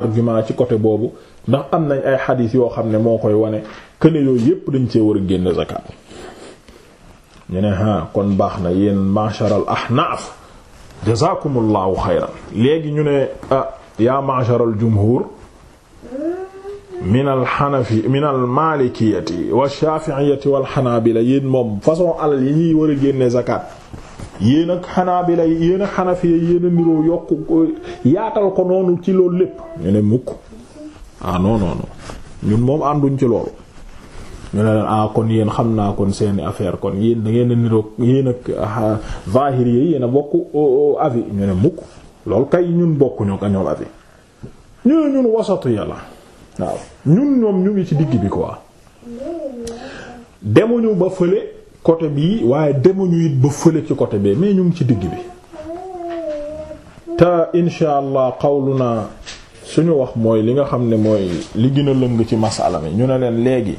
argument ci côté boobu ndax am nañ ay xadiis yoo xam ne moo koy wane këne yooyu yépp dañ cee war a génn zakat ñu ne ha ah, kon baax na yéen masharal ahnaaf jazakumullahu xayran léegi ñu ne ah yaa masharal jumhur min al xanafi min al maalikiyati wa shaafi'iyati wal xanaabila yéen moom façon alal yi ñuy war a génne zakat yéen ak xanaabila yéen ak xanafiya yéen a niroo yokk yaatal ko noonu ci loolu lépp ñu ne mukk ah non ñun moom ànduñ ci loolu ñu ne leen ah kon yéen xam naa kon seeni affaire kon yéen da ngeen a niroo yéen ak ah, zahiri yi yéen a bokk oh, oh, avis ñu ne mukk loolu kay ñun bokkuñu ak ñoom avis ñu ne ñun wasatu yàlla waaw ñun ñoom ñu ngi ci digg bi quoi demuñu ba fële. côté bii waaye demuñu it ba fële ci côté bi mais ñu ngi ci digg bi te xawlu allah qawluna suñu wax mooy li nga xam ne mooy li gën a lëng ci masala mi ñu ne leen léegi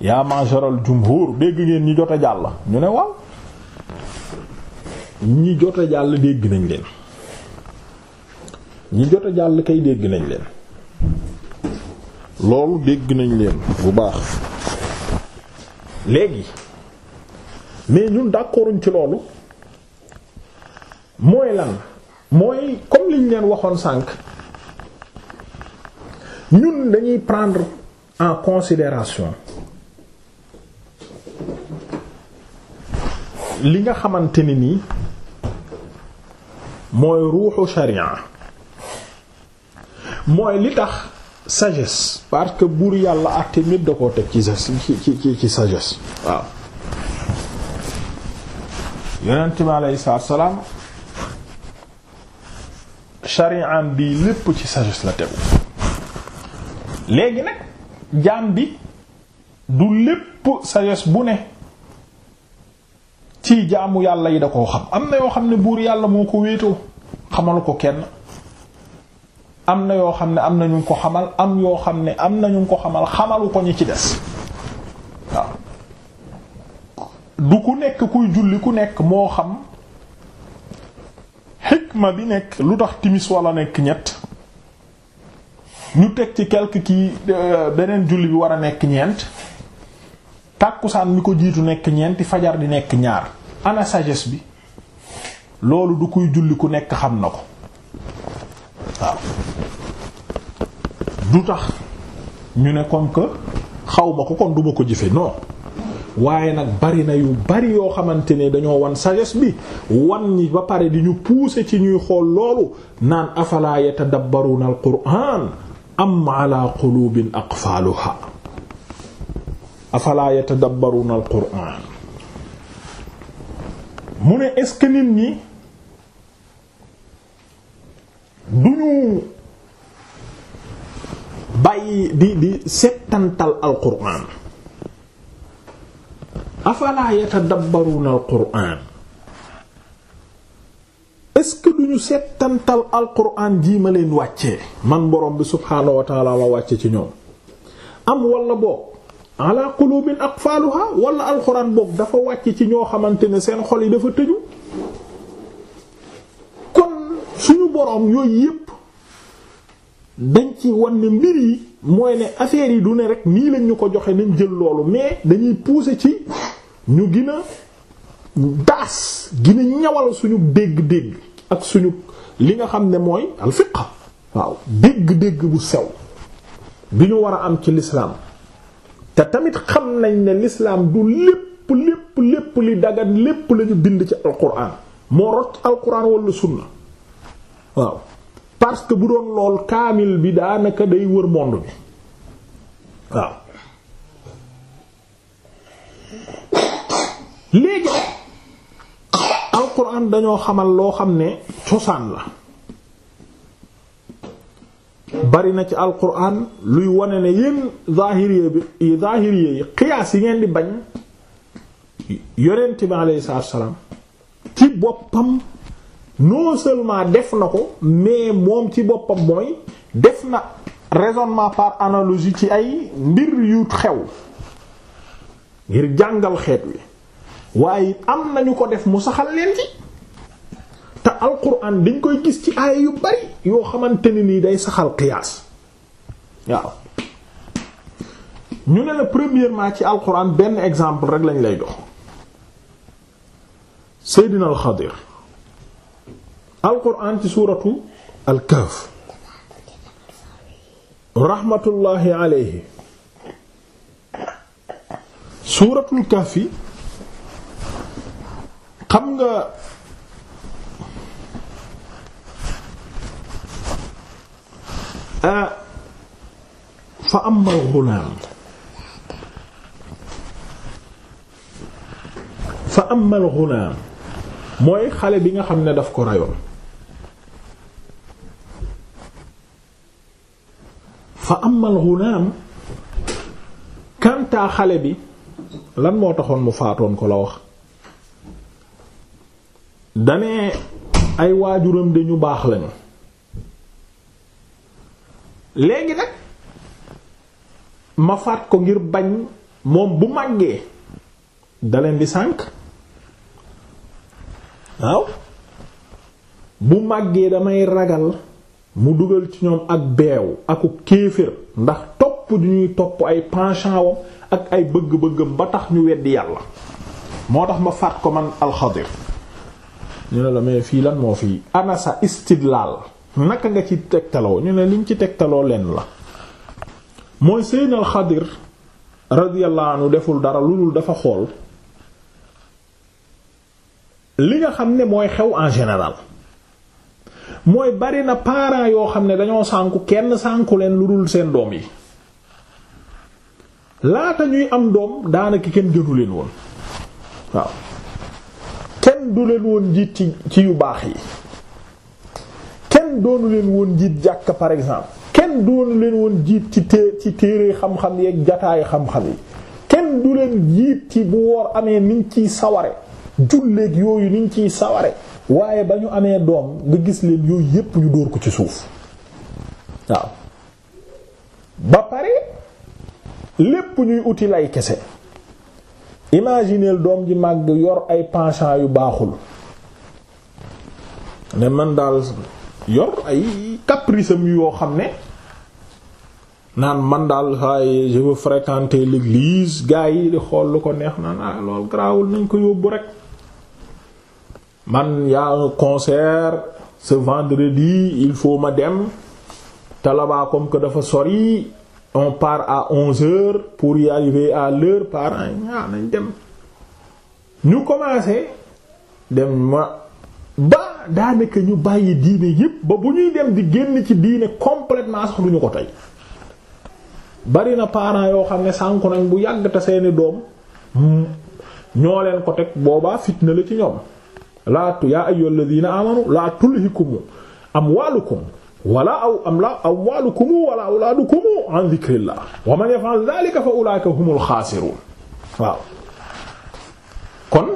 yaa masharal jumhur dégg ngeen ñi jot a jàll ñu ne waaw ñi jot a jàll dégg nañ leen ñi jot a jàll kay dégg nañ leen loolu dégg nañ leen bu baax léegi mais ñun d'accorduñ ci loolu mooy lan mooy comme liñ leen waxoon sànq ñun dañuy prendre en considération li nga xamante ni nii mooy ruuxu sharia mooy li tax sagesse parce que buur yàlla àtte nit da ko teg ci ci ci ci sagesse waaw yonent bi aleyhi salaam shari'am bi lépp ci sagesse la tegu léegi nag jaam bi du lépp sagesse bu ne ci jaamu yàlla yi da koo xam am na yoo xam ne buur yàlla moo ko wéetoo xamal ko kenn am na yoo xam ne am na ñu ko xamal am yoo xam ne am na ñu ko xamal xamalu ko ñu ci des du ku nekk kuy julli ku nekk moo xam xikma bi nekk lu tax timis wala nekk ñett ñu teg ci quelque kii euh, beneen julli bi war a nekk ñeent tàkkusaan mi ko jiitu nekk ñeenti fajar di nekk ñaar ana sagesse bi loolu du kuy julli ku nekk xam na ko waaw du tax ñu ne comme que xaw ma ko kon duma ko jëfe non waaye nag bari na yu bari yoo xamante ne dañoo wan sagesse bi wan ñi ba pare di ñu pousser ci ñuy xool loolu naan afala yatadabbaruna al qur'an am ala qulubin aqfaluha afala yatadabbaruna al qur'an mu ne est-ce que nit ñi duñu bàyyi di di settantal al qur'an afalaa yatadabbaruna al quraan est-ce que duñu settantal al quraan jii ma leen wàcce man boroom bi subhaanahu wa taala ma wàcce ci ñoom am wala boog ala qulubin aqfaaluha wala al quraan boog dafa wàcce ci ñoo xamante ne seen xol yi dafa tëju kon suñu borom yooyu yépp dañ ci wan ne mbir yi mooy ne affaire yi du ne rek nii lañ ñu ko joxe nañ jël loolu mais dañuy pousser ci ñu gën a daas gën ñawal suñu dégg-dégg ak suñu li nga xam ne mooy alfiq waaw dégg-dégg bu sew bi ñu war a am ci l'islam te tamit xam nañ ne lislaam du lépp lépp lépp li dagan lépp lañu bind ci alquran moo rot alquran wala sunna waaw parce que bu doon lool kaamil bi daanaka day wër monde bi waaw léegi alquran dañoo xamal loo xam ne cosaan la bari na ci alquran luy wone ne yéen zahiriye bi zahiriye yi qiyaas yi ngeen di bañ yonent bi alayhi salaam ci boppam non seulement def na ko mais moom ci boppam mooy def na raisonnement par analogie ci ay mbir yu xew ngir jàngal xeet wi waaye am nañu ko def mu saxal leen ci te alquran dañ koy gis ci aaya yu bari yoo xamante ni nii day saxal qiyaas waaw ñu ne la premièrement ci alquran benn exemple rek lañ lay dox Seydina al Xadir alquran ci suuratu alkaaf raxmatullaahi alayhi suuratu kaaf yi xam nga ah, fa amal gulaam fa amal gulaam mooy xale bi nga xam ne daf ko rayoon fa amal ghulam kantaa xale bi lan moo taxoon mu faatoon ko la wax danee ay waajuram dañu baax lañu léegi nag ma faat ko ngir bañ moom bu màggee daleen di sànk waaw bu màggee damay ragal mu dugal ci ñoom ak beew aku kéefër ndax topp du ñuy topp ay penchant ak ay bëgg-bëggam ba tax ñu weddi yàlla moo tax ma faat ko man alxadir ñu ne la mais fii lan moo fii anasa istidlaal naka nga ci tegtaloo ñu ne liñ ci tegtaloo leen la mooy seydna alxadir radiyallahu anhu deful dara lu dul dafa xool li nga xam ne mooy xew en général mooy bari na parents yoo xam ne dañoo sànku kenn sànku leen lu dul seen doom yi laata ñuy am doom daanaka kenn gënu leen woon waaw kenn du leen woon jiit ci ci yu baax yi kenn doonu leen woon jiit jàkk par exemple kenn doonu leen woon jiit ci ci téere xam-xam yi ak xam-xam yi kenn du leen jiit ci bu woor amee niñ ciy saware julleek yooyu niñ ciy saware waaye ba ñu amee doom nga gis leen yooyu yépp ñu dóor ko ci suuf waaw ba pare lépp ñuy uti lay kese imagineel doom ji màgg yor ay penchant yu baaxul ne man daal yor ay caprice am yoo xam ne naan man daal waaye je veux fréquenter l'église gars yi di xool lu ko neex naan ah loolu garaawul nañ ko yóbbu rek man y'a un concert ce vendredi il faut ma dem talabaa comme que dafa sori on part à onze heures pour y arriver à l'heure par an ah, ñaa nañ dem ñu commencé dem ma ba daanaka ñu bàyyi diine yépp ba bu ñuy dem di génn ci diine complètement sax duñu ko tey bari na parents yoo xam ne sànku nañ bu yàgg te seeni doom hmm, ñoo leen ko teg boobaa fitna la ci ñoom laa yaa ayyuhal ladina amanu laa tulhikum amwalukum wala aw am la amwalukum wala awladukum an dhikrillah wa man yaf'al dhalika fa ulaika humul khasirun waaw kon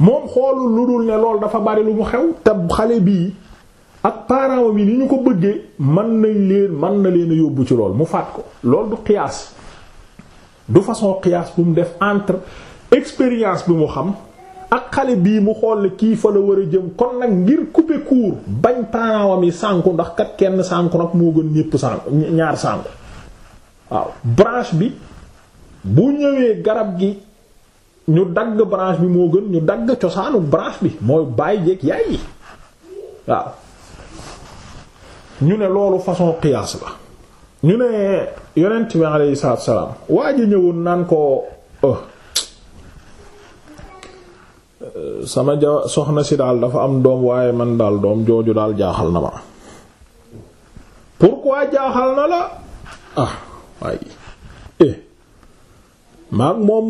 moom xoolul lu dul ne loolu dafa bari lu mu xew te xale bii ak parents bi ni ñu ko bëggee mën nañ leen mën na leen a yóbbu ci lool mu faat ko loolu du qiyaas du façon qiyaas bu mu def entre expérience bi mu xam ak xale bii mu xool kii fa la war jëm kon nag ngir couper court bañ parents yi sànku ndax kat kenn sànku nag moo gën ñépp sànku ñaar sànku waaw branche bi bu ñëwee garab gi ñu dagg branche bi moo gën ñu dagg cosaanu branche bi mooy bàyyi jeeg yaay yi waaw ñu ne loolu façon qiyaas la ñu ne yonent bi alayhi wa salaam waa ji ñëwoon naan ko. Oh. sama ja soxna si daal dafa am doom waaye man daal doom jooju daal jaaxal na ma pourquoi jaaxal na la ah waaye eh maag moom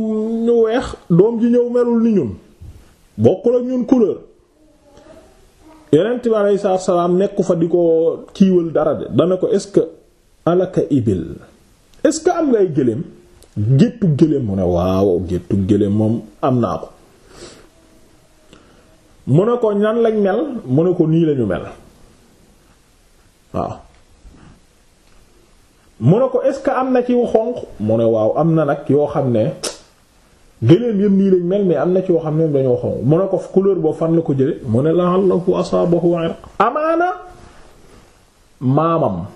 ñu weex doom ji ñëw melul ni ñun bokkul ak ñun couleur yonent bi aleyhi salaatu salaam nekku fa di ko kiiwal dara de dana ko est-ce que alaka ibil est-ce que am ngay gëléem géttu gëléem mu ne waaw géttu gëléem moom am naa ko mu ne ko ñan lañ mel mu ne ko nii lañu mel waaw mu ne ko est-ce que am na ci xonq mu ne waaw am na nag yoo xam ne gëléem yëpp nii lañ mel mais am na ci yoo xam ne dañoo xonq mu ne ko couleur boobu fan la ko jële mu ne la'allahu asaabahu irq amaana maamam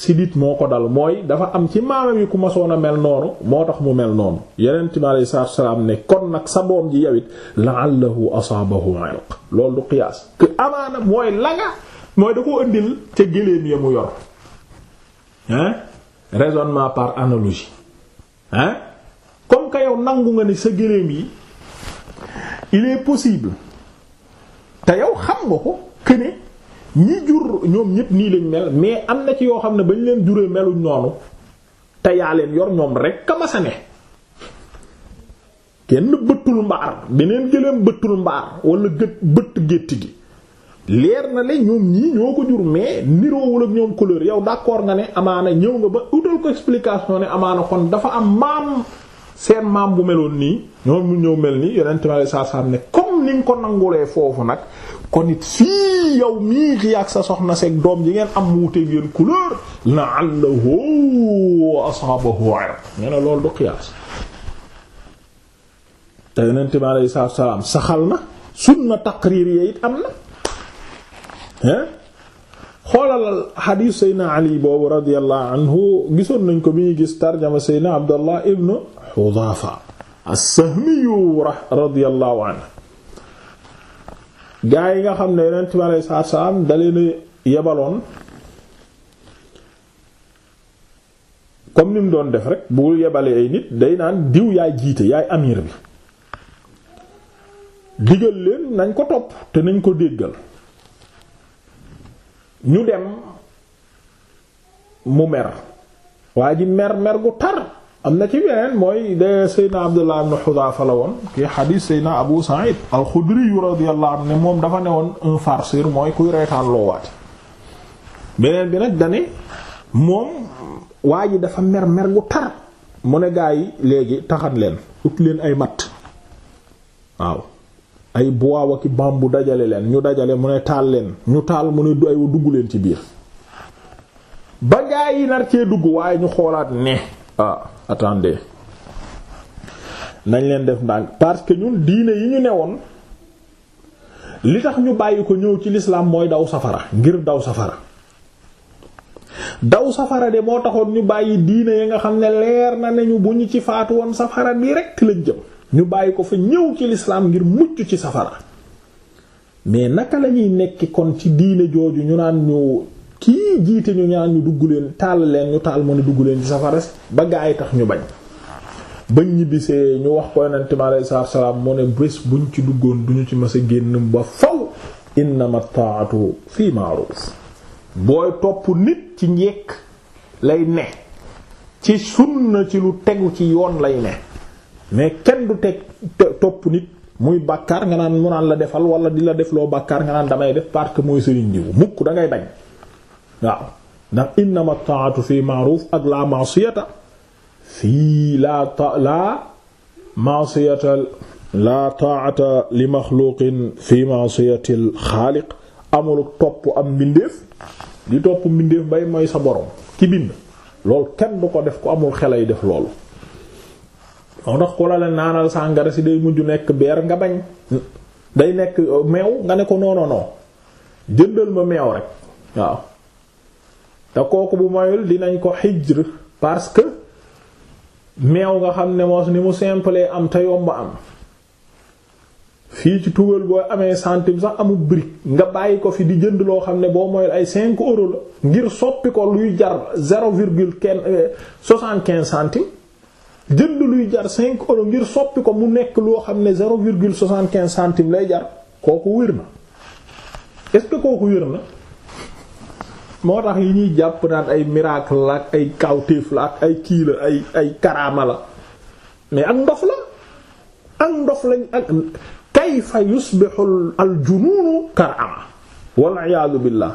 sidit moo ko dal mooy dafa am ci maamam yi ku masoon a mel noonu moo tax mu mel noonu yeneen bi alayhi salaatu ne kon nag sa doom ji yawit la'allahu asaabahu irq loolu du qiyaas que amaana mooy la nga mooy da ko ëndil ca géléem ya mu yor hein raisonnement par analogie hein comme que yow nangu nga ni sa géléem yi il est possible te yow xam nga ko que ñi jur ñoom ñépp nii lañ mel mais am na ci yoo xam ne bañ leen juree meluñ noonu te yaa leen yor ñoom rek ka ma sa ne kenn bëttul mbaar beneen gëléem bëttul mbaar wala gët bëtt gétt gi leer na le ñoom ñii ñoo ko jur mais niroowul ak ñoom couleur yow d'accord nga ne amaana ñëw nga ba utal ko explication ne amaana kon dafa am maam seen maam bu meloon nii ñoom ñu ñëw mel nii yonent ma saa saa ne comme ni nga ko nangulee foofu nag kon it fii yow mii ki ak sa soxna seeg doom ji ngeen am mu wuteeg yéen couleur la'allahu ashabahu irq nee na loolu du qiyaas te yonent bi alayhi salaatu salaam saxal na sunna taqririyya it am na hein xoolal xadiis Seydina Ali boobu radiyallahu anhu gisoon nañ ko bi ñuy gis tarjama Seydina Abdallah ibn Hudhafa as-Sahmi radiyallahu anhu gaa yi nga xam ne yonent bi aleyhi salaatu salaam da leen yebaloon comme ni mu doon def rek bu yebalee ay nit day naan diw yaay jiite yaay amir bi digal leen nañ ko topp te nañ ko déggal ñu dem mu mer waa ji mer mer gu tar am na ci beneen mooy de Seydina Abdullah ibn Hudhafa la woon kii xadiis Seydina Abu Sa'id al-Khudri radiyallahu anhu ne moom dafa ne woon un farceur mooy kuy reetaan loowaate beneen bi nag dane moom waa ji dafa mer mer gu tar mu yi léegi taxan leen ut leen ay matt waaw ay bois ki bambu dajale leen ñu dajale mu ne taal leen ñu taal mu ne dugg leen ci biir ba gaa yi nar cee dugg waaye ñu xoolaat ne ah, attendez nañ leen def ndànk parce que ñun diine yi ñu newoon li tax ñu bàyyi ko ñëw ci lislaam mooy daw safara ngir daw safara daw safara de moo taxoon ñu bàyyi diine yi nga xam ne leer na ne ñu bu ñu ci faatu woon safara direct lañ jëm ñu bàyyi ko fa ñëw ci lislaam ngir mucc ci safara mais naka lañuy nekki kon ci diine jooju ñu naan ñu kii jiite ñu ñaan ñu dugg leen taal leen ñu taal mu ne dugg leen ci safaras ba gaa yi tax ñu bañ bañ ñibbisee ñu wax ko yonent mi alayhi salaam mu ne bés buñ ci duggoon duñu ci mës a génn ba faw innama taatu fii ma'ruf booy topp nit ci njekk lay ne ci sunna ci lu tegu ci yoon lay ne mais kenn du teg topp nit muy bàkkaar nga naan mu naan la defal wala di la defloo loo bàkkaar nga naan damay def parce que mooy sëriñ diw mukk dangay bañ waaw ndax innama taatu fi ma'ruf ak la ma'siyata fii la ta la ma'siyata la taata li maxluqin fi ma'siyatil xaaliq amul topp am mbindeef di topp mbindeef bay mooy sa borom ki bind loolu kenn du ko def ko amul xelay def loolu moo tax ku la la naanal sàngara si day mujj nekk beer nga bañ day nekk meew nga ne ko non jëndal ma meew rek waaw te kooku bu moyul dinañ ko xijr parce que meew nga xam ne moos ni mu simple am te yomb am fii ci tugal boo amee centime sax amul brique nga bàyyi ko fi di jënd loo xam ne boo moyul ay cinq euros la ngir soppi ko luy jar zéro virgule euh, soixante-quinze centime jënd luy jar cinq euros ngir soppi ko mu nekk loo xam ne zéro virgule soixante-quinze centime lay jar kooku wér na est kooku wér na moo tax yi ñuy jàpp naan ay miracle la ak ay kawtéef la ak ay kii la ay ay karaama la mais ak ndox la ak ndox lañ ak kayfa yusbixu al junuunu karaama wal iyaadu billah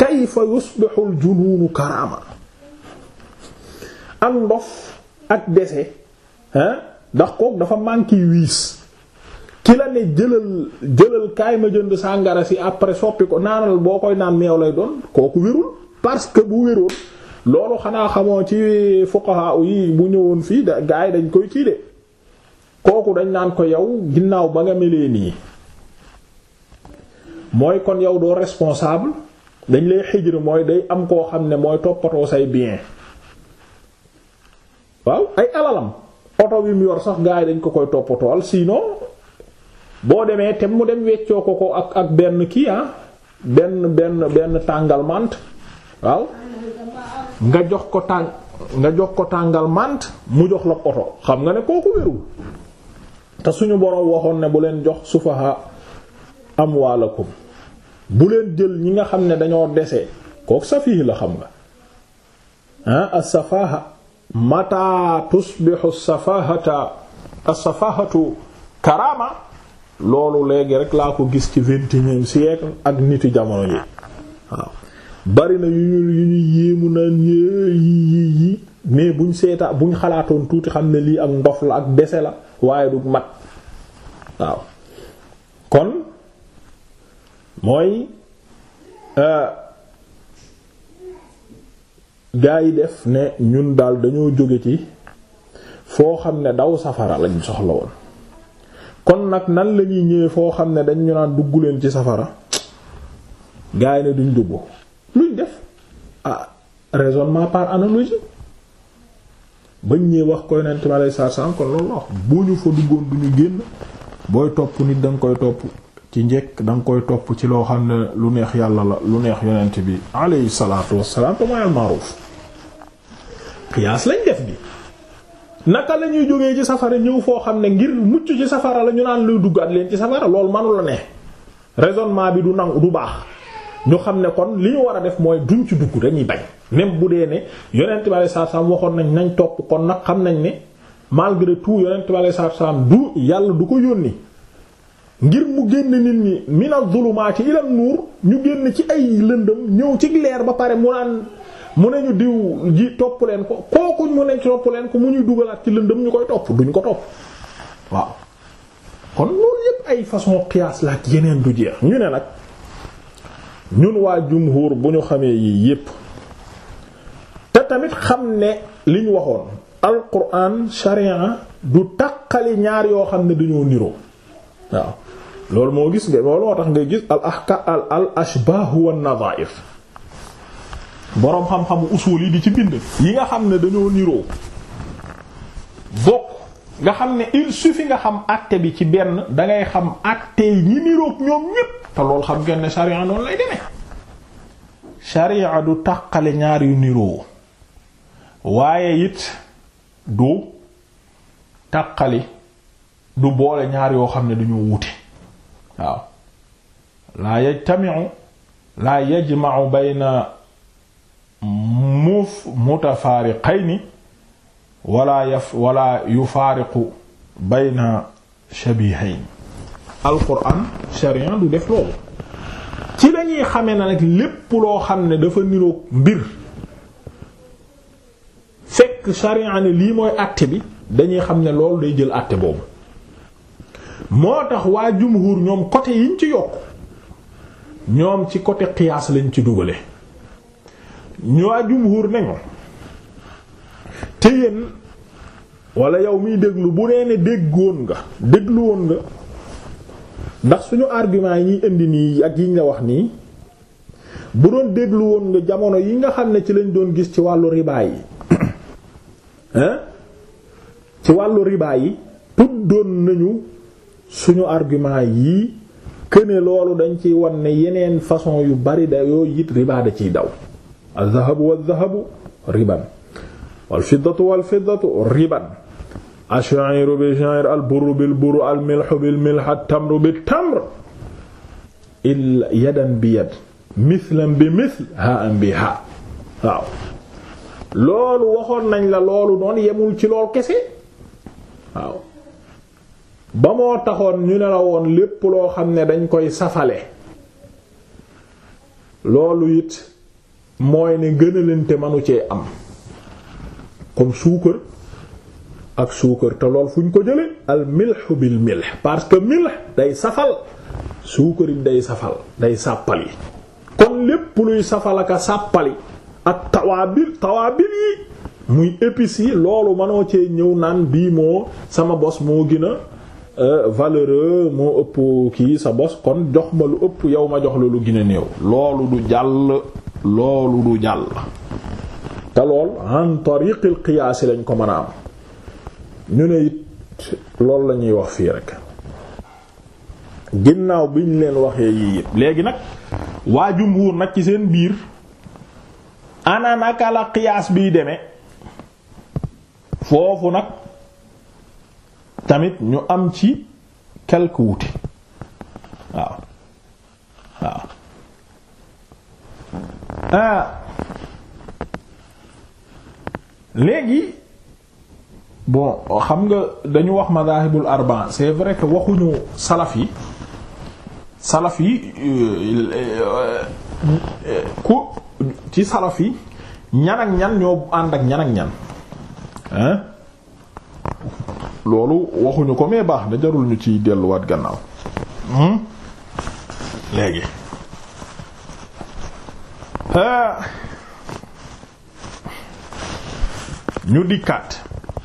kayfa yusbixu al junuunu karaama ak ndof ak dese hein ndax kook dafa manqué wiis ki la ne jëlal jëlal kaay ma jënd sàngara si après soppi ko naanal boo koy naan meew lay doon kooku wérul parce que bu wérul loolu xanaa xamoo ci fuqaha yi bu ñëwoon fii da gaay dañ koy kii kooku dañ naan ko yow ginnaaw ba nga melee nii mooy kon yow doo responsable dañ lay xijr mooy day am koo xam ne mooy toppatoo say bien waaw ay alalam oto bi mu yor sax gaay dañ ko koy toppatool sinon boo demee tem mu dem weccoo ko ko ak ak benn kii ah benn benn benn tàngal mant waaw nga jox ko tàng nga jox ko tàngal mant mu jox la oto xam nga ne kooku wérul te suñu boroom waxoon ne bu leen jox sufaha amwaalakum bu leen jël ñi nga xam ne dañoo dese kook safihi la xam nga ah as-safaha mata tusbihu as-safahata as karama loolu léegi rek laa ko gis ci vingt et ak nitu jamono yi waaw bari na yu ñu yéemu naan yi yi yi mais buñ seetaa buñ xalaatoon tuuti xam ne lii ak ndox la ak bese la waaye du mat waaw kon mooy euh, gaa yi def ne ñun daal dañoo jóge ci foo xam ne daw safara lañu soxla woon kon nag nan la ñuy ñëwee foo xam ne dañ ñu naan dugg leen ci safara gaay ne duñ dugg luñ def ah raisonnement par analogie bañ ñee wax ko yonent bi alayhi salaam kon loolu la wax bu ñu fa duggoon du génn booy topp nit da koy topp ci njekk da koy topp ci loo xam ne lu neex yàlla la lu neex yonent bi alayhi salaatu wassalaam te mooy al-ma'ruf lañ def bi naka la ñuy jógee ci safara ñëw foo xam ne ngir mucc ci safara la ñu naan luy duggaat leen ci safara loolu manu la ne raisonnement bi du nangu du baax ñu xam ne kon li ñu war a def mooy duñ ci dugg dañuy bañ même bu dee ne yonent bi alayhi waxoon nañ nañ topp kon nag xam nañ ne malgré tout yonent bi alayhi salaam du yàlla du ko yónni ngir mu génn nit ñi mina zulumaati ila nuur ñu génn ci ay lëndëm ñëw ci leer ba pare mu naan mu ne ñu diw ji topp leen ko kookuñ mu ne topp leen ko mu ñuy dugalaat ci lëndëm ñu koy topp duñ ko topp waaw kon loolu yépp ay façon qiyaas la ak yeneen du jeex ñu ne nag ñun waa jumhur bu ñu xamee yii yépp te tamit xam ne li ñu waxoon alquran sharia du taqali ñaar yoo xam ne dañoo niroo waaw loolu moo gis nga loolu moo tax nga gis al ahka al ashbah wa nadhaif boroom xam-xamu usul yi di ci bind yi nga xam ne dañoo niroo bokk nga xam ne il suffit nga xam acte bi ci benn dangay xam acte yi ñi niroog ñoom ñépp te loolu xam ngeen ne sharia lay demee sharia du tàqale ñaar yu niroo waaye it du taqali du boole ñaar yoo xam ne dañoo wute waaw laa yajtami'u laa yajma'u bayna muf mutafaariqayni wala yaf wala yufaariqu bayna shabihayn alquran charian du def loolu ci lañuy xamee na nag lépp loo xam ne dafa niroog mbir fekk charian ne lii mooy àtte bi dañuy xam ne lool day jël àtte boobu moo tax waa jumhur ñoom côté yiñ ci yokk ñoom ci côté qiyaas lañ ci dugale ñu waa jumhur nañu te yéen wala yow miy déglu bu nee ne déggoon nga déglu woon nga ndax suñu argument yi ñu indi nii ak yi ñu la wax nii bu doon déglu nga jamono yi nga xam ne ci lañ doon gis ci wàllu ribaay yi hein ci wàllu riba yi tuddoon nañu suñu argument yii këne loolu dañ ciy wan ne yeneen façon yu bari da yooyu it da ciy daw adh-dhahabu wadh-dhahabu riban wal-fiddatu wal-fiddatu riban ash-sha'iru bi-sha'r al-burru bil-burr al-milhu bil-milh at-tamru bit-tamr illa yadan bi yad mithlan bi mithl ha'an bi ha' loolu waxoon nañ la loolu noonu yemul ci lool kese ba moo taxoon ñu ne la woon lépp loo xam ne dañ koy safale loolu it mooy ne gënalante manu cee am comme suukar ak suukar te lool fu ñu ko jële al milh bil milh parce que milh day safal suukar day safal day sàppali kon lépp luy safal ak a sàppali ak tawaabil tawaabil muy épices yi loolu manoo cee ñëw naan bii moo sama bos moo gën a euh, valeureux moo ëpp kii sa bos kon jox ma lu ëpp yow ma jox la lu gën néew loolu du jàll loolu du jàll te lool an tariqil qiyaas lañ ko mën a am ñu ne it loolu la ñuy wax fii rek ginnaaw bi ñu leen waxee yii yëpp léegi nag waa jumhuur nag ci seen biir ana naka la qiyaas biy demee foofu nag tamit ñu am ci quelque Euh, léegi bon xam nga dañu wax madahibul arba c'est vrai que waxuñu salaf yi salaf yi euh, ku ci salaf yi ñan ñan ñoo ànd ak ñan ñan loolu waxuñu ko mais baax na jarul ñu ciy delluwaat gannaaw hmm? léegi Ah. ñu dikkaat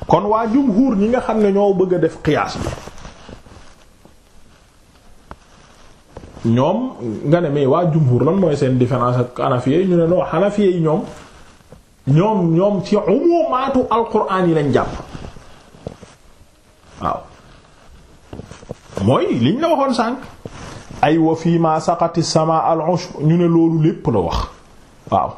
kon waa jumhuur ñi nga xam ne ñoo bëgg a def qiyaas bi ñoom nga ne mais waa jumhuur lan mooy seen différence ak xanafiye ñu ne non xanafiye yi ñoom ñoom ñoom ci umumaatu alquran yi lañ jàpp waaw mooy liñ la waxoon sànq ay wa fii ma saqati sama al ushb ñu ne loolu lépp la wax waaw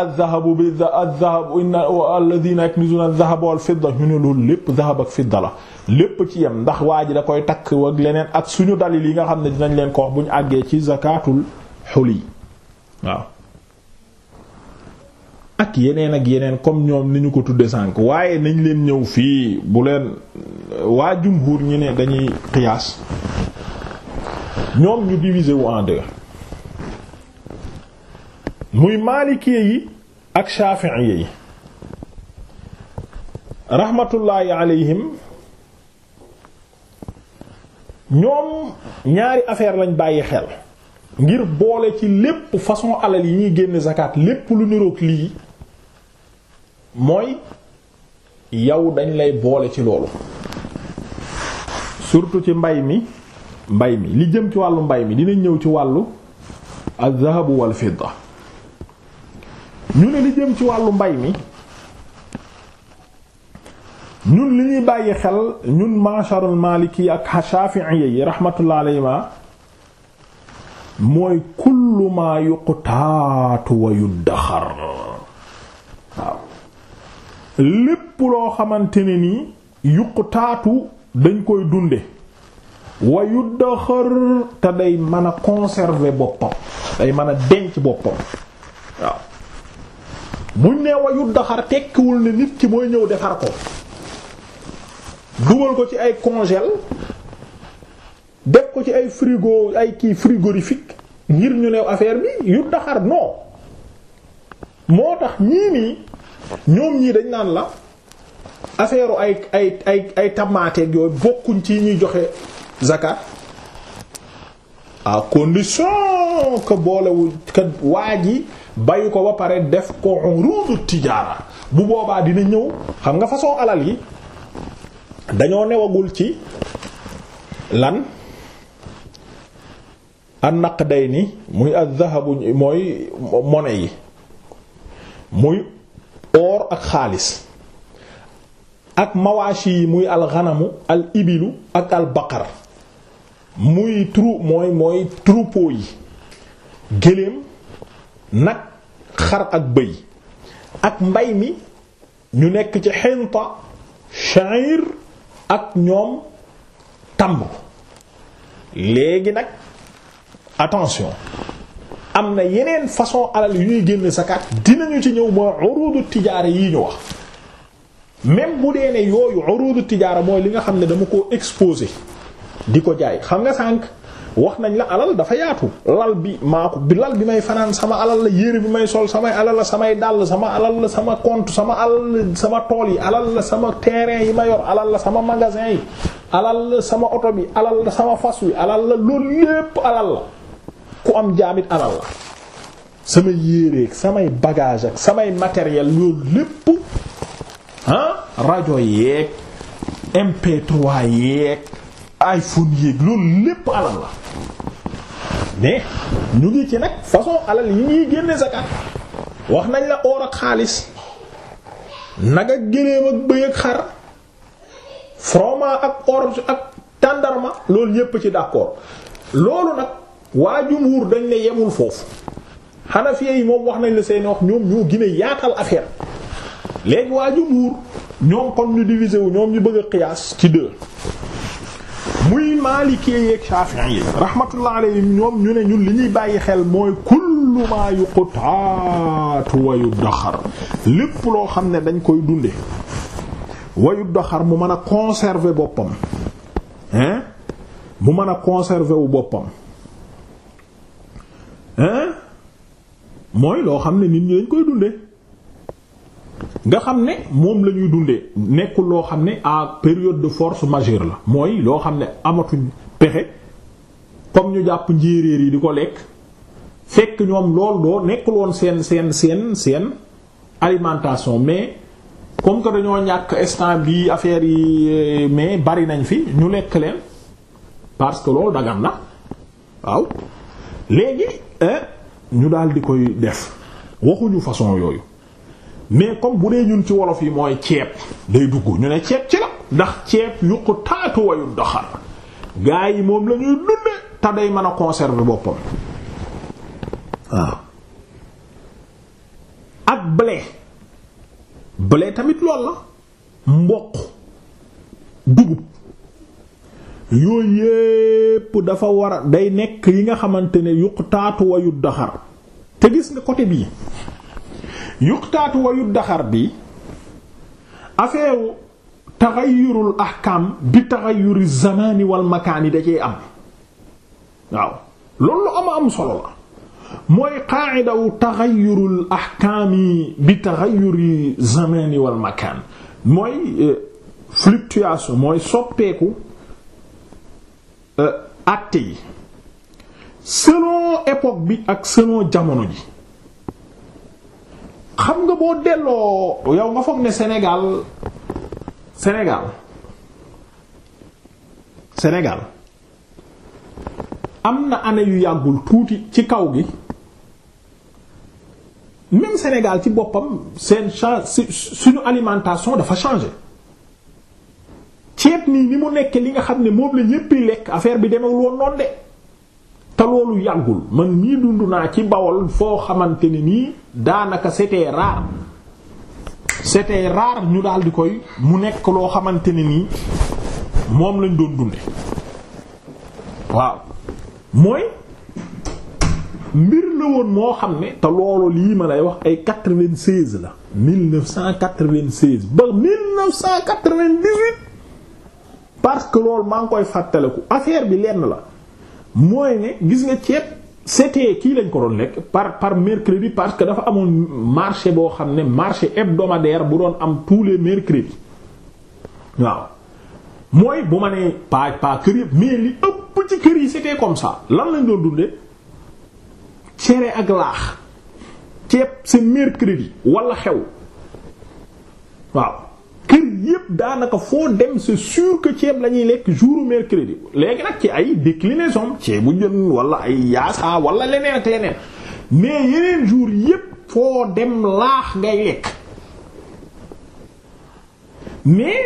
adh-dhahabu bi adh-dhahab inna alladhina yaknizuna adh-dhahaba wal fidda ñu ne loolu lépp dhahab ak fidda la lépp ci yem ndax waa ji da koy takk ak leneen ak suñu dalil yi nga xam ne dinañ leen ko bu ñu àggee ci zakatul xuli waaw ak yeneen ak yeneen comme ñoom ni ñu ko tuddee sànk waaye nañ leen ñëw fii bu leen waa jumhur ñu ne dañuy qiyaas ñoom ñu diviser wu en muy maalikee yi ak shafi'i yi rahmatullahi alayhim ñoom ñaari affaire lañ bàyyi xel ngir boole ci lépp façon alal yi ñuy génn zakat lépp lu niroog lii mooy yow dañ lay boole ci loolu surtout ci mbay mi mbay mi li jëm ci wàllu mbay mi dina ñëw ci wàllu al dhahabu wal ñu ne li jëm ci wàllu mbay mi ñun li ñuy bàyyi xel ñun masharul maliki ak shafi'iyya yi rahmatullah alayhima mooy kullu ma yuqtaatu wa yuddaxar waaw lépp loo xamante ne nii taatu dañ koy dunde wa yuddaxar te day mën a conserver boppam day mën a denc boppam waaw buñ nee wa yu daxar tekkiwul ne nit ki mooy ñëw defar ko dugal ko ci ay congèle def ko ci ay frigo ay kii frigorifique ngir ñu new affaire bi yu daxar non moo tax ñii nii ñoom ñii dañ naan la affaire u ay ay ay ay yooyu bokkuñ ci ñuy joxe zakat à condition que boolewul que waa ji bayu ko ba pare def ko urudu tijaara bu boobaa dina ñëw xam nga façon alal yi dañoo newagul ci lan an naqdayni muy az-zahabu mooy monnaie yi muy or ak xaalis ak mawaashi yi muy alxanamu al ibilu ak al baqar muy trou mooy mooy troupeau yi géléem nag xar ak bëy ak mbay mi ñu nekk ci xinta sha'ir ak ñoom tàmb léegi nag attention am na yeneen façon alal yu ñuy génn zakat dinañu ci ñëw mooy urudu tijaara yi ñu wax même bu dee ne yooyu urudu tijaara mooy li nga xam ne dama ko exposé di ko jaay xam nga sànq wax nañ la alal dafa yaatu lal bi maa bi lal bi may fanaan sama alal la yére bi may sol samay alal la samay dàll sama alal la sama compte sama alal sama tool yi alal la sama terrain yi ma yor alal la sama magasin yi alal la sama oto bi alal la sama fas wi alal la loolu lépp alal la am jaamit alal la yére samay bagage ak samay matériel loolu lépp ah rajo yeeg MP3 yeeg iPhone yéeg loolu lépp alal la mais ñu ngi ci nag façon alal yi ñuy génne zakat wax nañ la oor ak xaalis nag ak gëléem ak bëy ak xar froment ak orge ak tàndarma loolu yépp ci d'accord loolu nag waa jumhur dañ ne yemul foofu Hanafiya yi moom wax nañ la seen wax ñoom ñoo gën a yaatal affaire léegi waa jumhur ñoom ñu diviser wu ñoom ñu bëgg a qiyaas ci deux muy maalikee yeeg Shafi'i yeeg rahmatullah alayhim ñoom ñu ne ñun li ñuy bàyyi xel mooy kullu ma yuqtaatu wa yuddaxar lépp loo xam ne dañ koy dunde wa yuddaxar mu mën a conserver boppam hein mu mën a conserver wu boppam hein mooy loo xam ne nit ñi dañ koy dunde nga xam ne moom la ñuy dundee nekkul loo xam ne à période de force majeure la mooy loo xam ne amatuñ pexe comme ñu jàpp njéeréer yi di ko lekk fekk ñoom lool doo nekkul woon seen seen seen seen alimentation mais comme que dañoo ñàkk instant bi affaire yi euh, mais bari nañ fi ñu lekk leen parce que loolu dagan na waaw léegi ñu daal di koy def waxuñu façon yooyu mais comme bu dee ñun ci wolof yi mooy ceeb day dugg ñu ne ceeb ci la ndax ceeb yuqu taatu wayu doxar gaa yi moom la dunde te day mën a conserver boppam waaw ak blé blé tamit lool la mboq dugub yooyu yépp dafa war day nekk yi nga xamante ne yuqu taatu wayu doxar te gis nga côté bii yuqtaatu wayu daxar bi affaire taxayurul ahkaam bi taxayuri zamaani wal makaani da cee am waaw loolu lu am am solo la mooy qaacida wu taxayurul ahkaami bi taxayuri zamaani wal makaan mooy euh, fluctuation mooy soppeeku euh, acte yi selon époque bi ak selon jamono ji. xam nga boo delloo yow nga foog ne Sénégal Sénégal Sénégal am na année yu yàggul tuuti ci kaw gi même Sénégal ci boppam seen change suñu alimentation dafa changé ceeb nii ni mu nekk li nga xam ne moom la ñéppi lekk affaire bi demewul woon noonu de te loolu yàggul man mii dund naa ci Bawol foo xamante ne nii daanaka c'était rare c'était rare ñu daal di koy mu nekk loo xamante ne nii moom lañ doon dunde waaw mooy mbir la woon moo xam ne te loolu lii ma lay wax ay 96 la 1996 ba 1998 parce que loolu maa ngi koy fàttaliku affaire bi lenn la mooy ne gis nga ceeb c'était kii lañ ko doon lekk par par mercredi parce que dafa amoon marché boo xam ne marché hebdomadaire bu doon am tous les mercredis waaw mooy bu ma nee pas pas kër yëpp mais li ëpp ci kër yi c'était comme ça lan lañ doon dundee cere ak laax ceeb c'est mercredi walla xew waaw yépp daanaka foo dem c'est sûr que ceeb la ñuy lekk jour mercredi léegi nag ci ay déclinaison ceebu jën wala ay yaasa wala leneen ak leneen mais yeneen jour yépp foo dem laax ngay lekk mais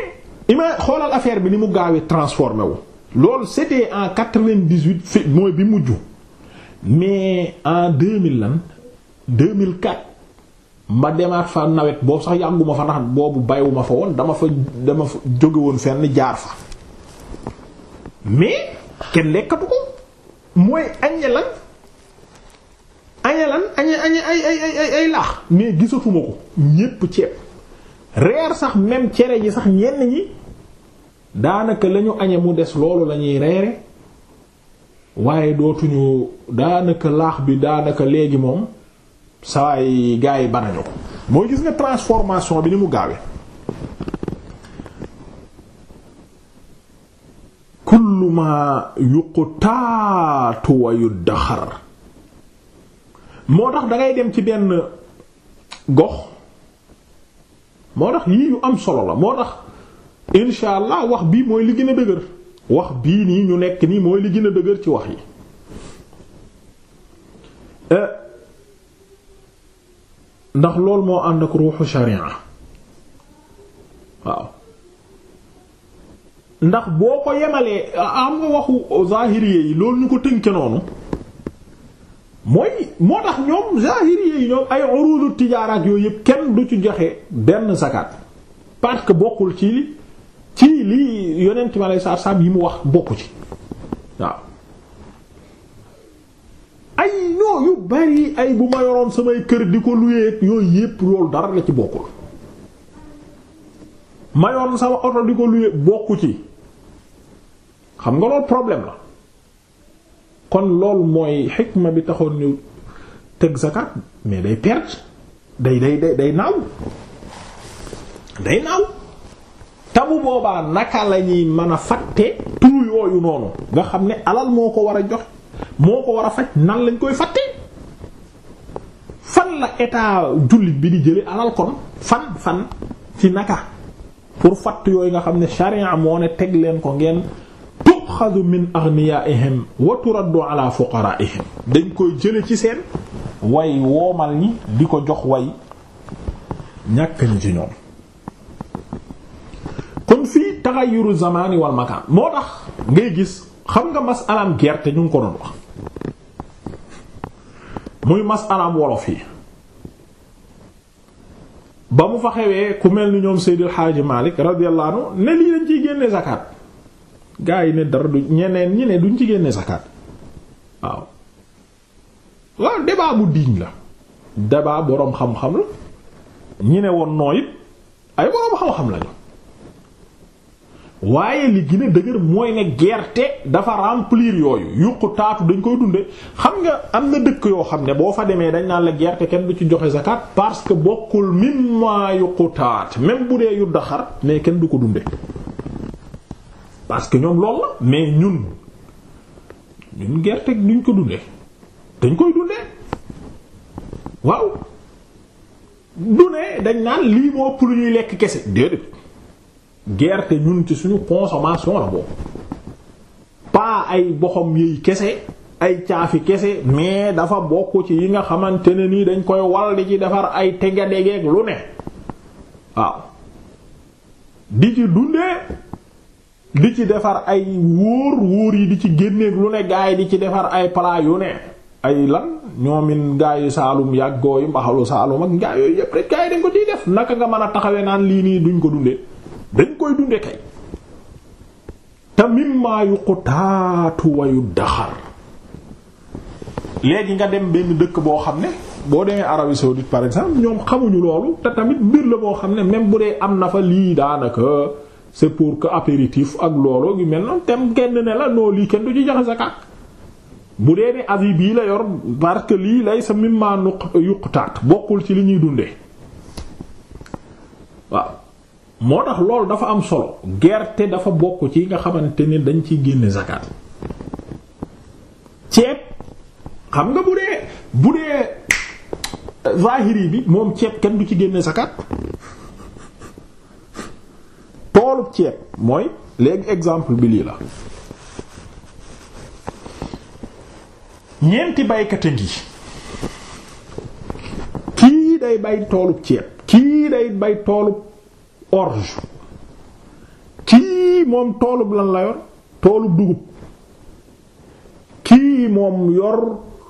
ima xoolal affaire bi ni mu gaawee transformé wu loolu c'était en quatre-vingt-dix-huit fi mooy bi mujj mais en deux mille lan mille quatre ma demaat fa nawet boo sax yàgguma fa ndax boobu baywuma fa woon dama fa dama fa jóge woon fenn jaar fa mais kenn lekkatu ko mooy aññalan aññalan aññe aññe ay ay ay ay laax mais gisatuma ko ñépp ceeb reer sax même cere ji sax ñenn ñi daanaka lañu añe mu des loolu lañuy reere waaye dootuñu daanaka laax bi daanaka léegi moom sawaay gars yi banañu ko mooy gis nga transformation bi ni mu gaawee kullu ma yuqutaatu wa yuddaxar moo tax dangay dem ci benn gox moo tax yii yu am solo la moo tax insha wax bii mooy li gën a dëgër wax bii nii ñu nekk nii mooy li gën a dëgër ci wax yi eh, ndax loolu moo ànd ak ruuxu sharia waaw ndax boo ko yemalee am nga waxu zahiriye yi loolu ñu ko tënke noonu mooy moo tax ñoom zahiriye yi ñoom ay urudu tijaara yooyu yëpp kenn du ci joxe benn zakat parce que bokkul ci ci lii yonent mi alayhi salaam yi mu wax bokku ci waaw yooyu bari ay bu ma samay kër di ko luyeeg yooyu yépp loolu dara la ci bokkul ma yoroon sama oto di ko luyeeg bokku ci xam nga loolu problème la kon loolu mooy xikma bi taxoon ñu teg zakat mais day perte day day day day naaw day naaw tabu boobaa naka la ñuy mën a fàtte tur yooyu noonu nga xam ne alal moo ko war a jox moo ko war a faj nan lañ koy fatte fan la état jullit bi di jële alal kon fan fan ci naka pour fatt yooyu nga xam ne sharia moo ne teg leen ko ngeen tuxadu min aghniyaihim wa turaddu ala fuqaraihim dañ koy jële ci seen way woomal ñi di ko jox way ñàkk ñi ci ñoom kon fii taxayuru zamani wal moo tax ngay gis xam nga mas alam gerte ñu ngi ko doon wax muy mas alam wolof yi ba mu fa xewee ku mel ni ñoom Seydil Hadji Malick radiyallahu anhu ne lii dañ ciy génne zakat gaa yi ne dara du ñeneen ñi ne duñ ci génne zakat waaw waaw bu diñ la débat boroom xam-xam la ñi ne woon nooyit ay boroom xam-xam lañu waaye li gën a dëgër mooy ne gerte dafa remplir yooyu yuqu taatu dañ koy dunde xam nga am na dëkk yoo xam ne boo fa demee dañ naan la gerte kenn du ci joxe zakat parce que bokkul mimma yuqu taat même bu dee yu daxar mais kenn du ko dunde parce que ñoom lool la mais ñun ñun gerte duñ ko dunde dañ koy dunde waaw du ne dañ naan lii moo ëpp lu lekk kese déedéet gerte ñun ci suñu consommation la boobu pas ay boxom yi kese ay caafi kese mais dafa bokk ci yi nga xamante ne nii dañ koy wal di ci defar ay tegadegeeg lu ne waaw di ci dundee di ci defar ay wóor wóor yi di ci génneeg lu ne gaa yi di ci defar ay palaa yu ne ay lan ñoomin gaayu saalum yàggooyu mbaxalu saalum ak gaa yooyu yëpp rek gaa dañ ko ciy def naka nga mën a taxawee naan lii nii duñ ko dundee dañ koy dunde kay te mimma yuqtaatu wa yuddaxar léegi nga dem benn dëkk boo xam ne boo demee Arabie saoudite par exemple ñoom xamuñu loolu te tamit mbir la boo xam ne même bu dee am na fa lii daanaka c'est pour que apéritif ak loolu gi mel noonu tem kenn ne la noo lii kenn du ci jaxe sa kàkk bu dee ne avis bii la yor parce que lii lay sa mimma yuqtaat bokkul ci li ñuy dundee waaw moo tax loolu dafa am solo gerte dafa bokk ci nga xamante ni dañ ciy génne zakat ceeb xam nga bu dee bu dee euh, zahiri bi moom ceeb kenn du ci génne zakat toolu ceeb mooy léegi exemple bi lii la ñeenti baykat a ngi kii day bay toolub ceeb kii day bay toolub orge kii moom toolub lan la yor toolub dugub kii moom yor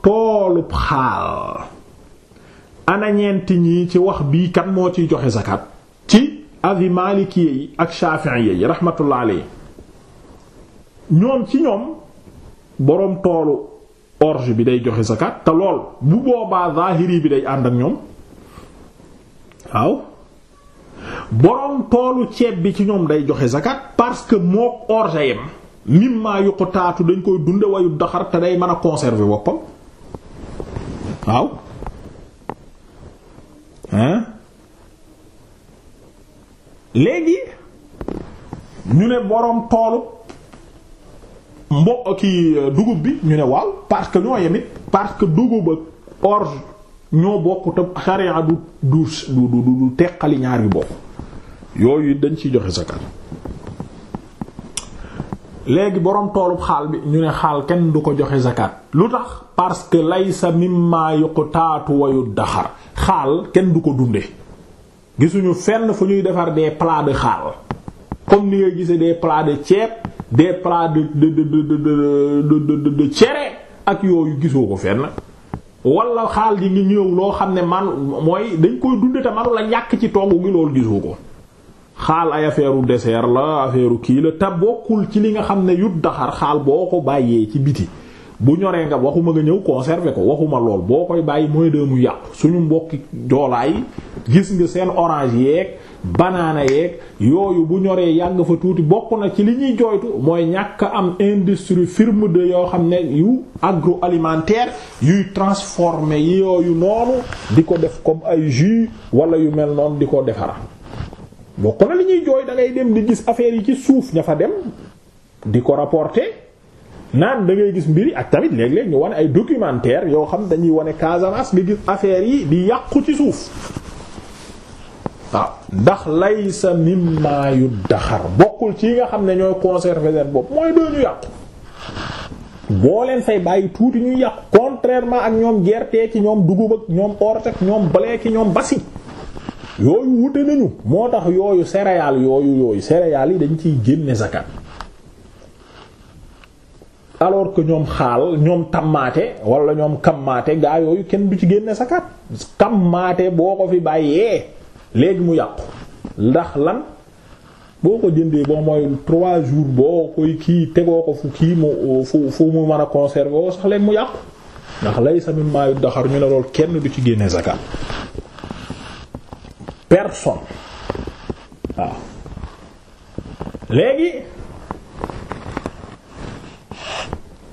toolub xaal ana ñeenti ñii ci wax bii kan moo ciy joxe zakat ci avis maliki yi ak shafi'i yi rahmatullah alayhi ñoom ci ñoom boroom toolu orge bi day joxe zakat te lool bu boobaa zahiri bi day ànd ak ñoom waaw boroom toolu ceeb bi ci ñoom day joxe zakat parce que moo orge yem mimma yu ko taatu dañ koy dunde wayu daxar te day mën a conserver boppam waaw hein léegi ñu ne boroom toolu mbo euh, ki euh, dugub bi ñu ne waaw parce que ñoo yemit parce que dugub ak orge ñoo bokk te sharia du du du du teqali ñaar yu bokk yooyu dañ ciy joxe zakat léegi boroom toolub xaal bi ñu ne xaal kenn du ko joxe zakat lu tax parce que laysa mimma yuqtaatu wa yuddaxar xaal kenn du ko dunde gisuñu fenn fu ñuy defar des plats de xaal comme ni nga gisee des plats de ceeb des plats de de de de de de cere ak yooyu gisoo ko fenn wala xaal di ngi ñëw loo xam ne man mooy dañ koy dunde te manu la ñàkk ci togg gi loolu gisoo ko xaal ay affaire dessert la affaire kii la te bokkul ci li nga xam ne yu daxar xaal boo ko bàyyee ci biti bu ñoree nga waxuma nga ñëw conserver ko waxuma lool boo koy bàyyi mooy de mu yàqu suñu mbokki joolaay gis nga seen orange yeeg banaana yeeg yooyu bu ñoree yàgg fa tuuti bokk na ci li ñuy jooytu mooy ñàkk am industrie firme de yoo xam ne yu alimentaire yuy transformer yooyu noonu di ko def comme ay jus wala yu mel noonu di ko defara bokk na li ñuy jooy da ngay dem di gis affaire yi ci suuf ña fa dem di ko rapporter naan da ngay gis mbir yi ak tamit léeg-léeg ñu wane ay documentaire yoo xam dañuy wane Casamance bi gis affaire yi di yàqu ci suuf waaw ndax laysa mimma yu daxar bokkul ci yi nga xam ne ñooy conserver seen bopp mooy doo ñu yàqu boo leen fay bàyyi tuuti ñuy yàqu contrairement ak ñoom gerte ci ñoom dugub ak ñoom orge ak ñoom blé ki ñoom basi yooyu wute nañu moo tax yooyu céréales yooyu yooyu céréales yi dañ ciy génne sakat alors que ñoom xaal ñoom tamaate wala ñoom kammaate gaa yooyu kenn du ci génne sakat kamaate boo ko fi bàyyee léegi mu yàqu ndax lan boo ko jëndee boo mooy trois jours boo koy kii tegoo ko fu kii mu fu fu mu mën a conserver woo sax léegi mu yàqu ndax lay samit maayu daxar ñu ne lool kenn du ci génne zakat personne waaw léegi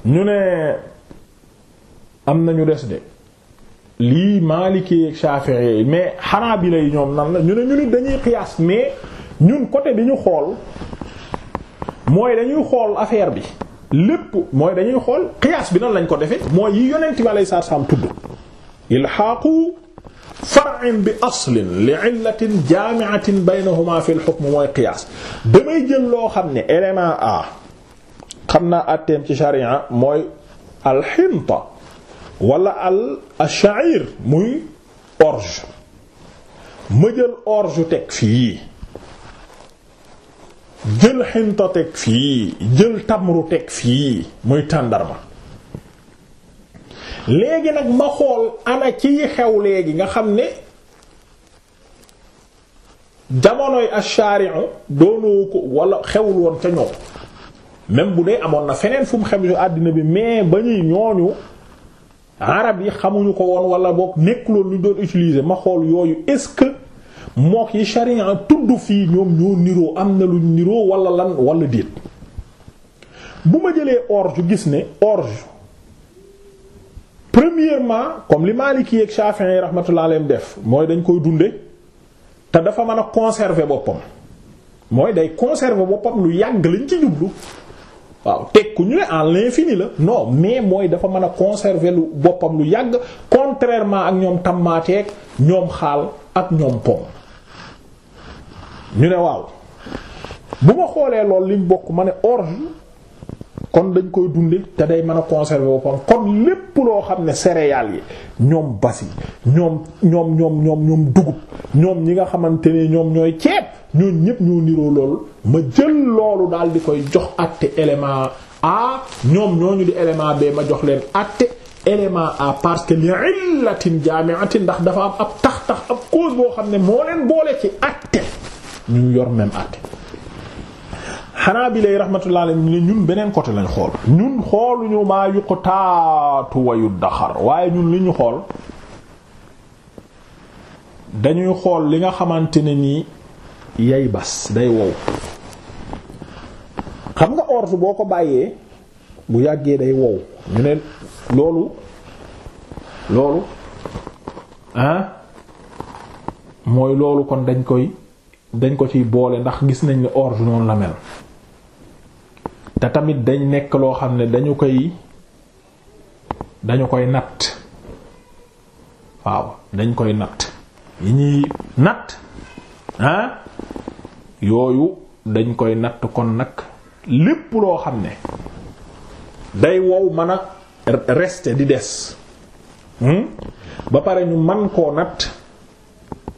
ñu ne am na ñu des de lii Maliki ak Shafi'i mais bi yi ñoom nan la ñu ne ñu dañuy qiyaas mais ñun côté bi ñu xool mooy dañuy xool affaire bi lépp mooy dañuy xool qiyaas bi nan lañ ko defee mooy yi yonent yi alayhi salaam tudd ilhaaqu far'in bi aslin li illatin jaami'atin baynahuma fil hukm mooy qiyaas damay jël loo xam ne élément A xam naa àtteem ci sharia mooy alxinta wala al ash-sha'ir muy orge ma jël orge teg fii jël xinta teg fii jël tamru teg fii muy tàndarma léegi nag ma xool ana ci xew léegi nga xam ne jamonoy ash-shari'u doonoo ko walla xewul woon ca ñoom même bu dee amoon na feneen fu mu xew yu àddina bi mais ba ñuy ñooñu arab yi xamuñu ko woon wala boog nekkuloon lu doon utiliser ma xool yooyu est-ce que mook yi sharia tudd fii ñoom ñoo niroo am na lu niroo wala lan walla déet bu ma jëlee orge gis ne orge premièrement comme li maa li ki ak Shafi'i rahmatullahi alayhim def mooy dañ koy dunde te dafa mën a conserver boppam mooy day conserver boppam lu yàgg lañ ci jublu waaw teg ku ñu ne en l'infini la non mais mooy dafa mën a conserver lu boppam lu yàgg contrairement ak ñoom tammaateeg ñoom xaal ak ñoom pom ñu ne waaw bu ma xoolee lool lim bokk ma ne orge kon dañ koy dunde te day mën a conserver boppam kon lépp loo xam ne céréales yi ñoom basi ñoom ñoom ñoom ñoom ñoom dugub ñoom ñi nga xamante ne ñoom ñooy ceeb ñoom ñépp ñoo niroo loolu ma jël loolu daal di koy jox àtte élément A ñoom ñooñu di élément B ma jox leen àtte élément A parce que li illatin jaami'atin ndax dafa am ab tax tax ab cause boo xam ne moo leen boole ci àtte ñu yor même àtte Hanabila rahmatullahi alayhim ne ñun beneen côté lañ xool ñun xooluñu maa yuqtaatu wa yuddaxar waaye ñun li ñu xool dañuy xool li nga xamante ne nii yay bas day wow xam nga orge boo ko bàyyee bu yàggee day wow ñu ne loolu loolu ah mooy loolu kon dañ koy dañ ko ciy boole ndax gis nañ ne orge noonu la mel te tamit dañ nekk loo xam ne dañu koy dañu koy natt waaw dañ koy natt yi ñuy natt ah yooyu dañ koy natt kon nag lépp loo xam ne day wow mën a rester di des hmm? ba pare ñu man koo natt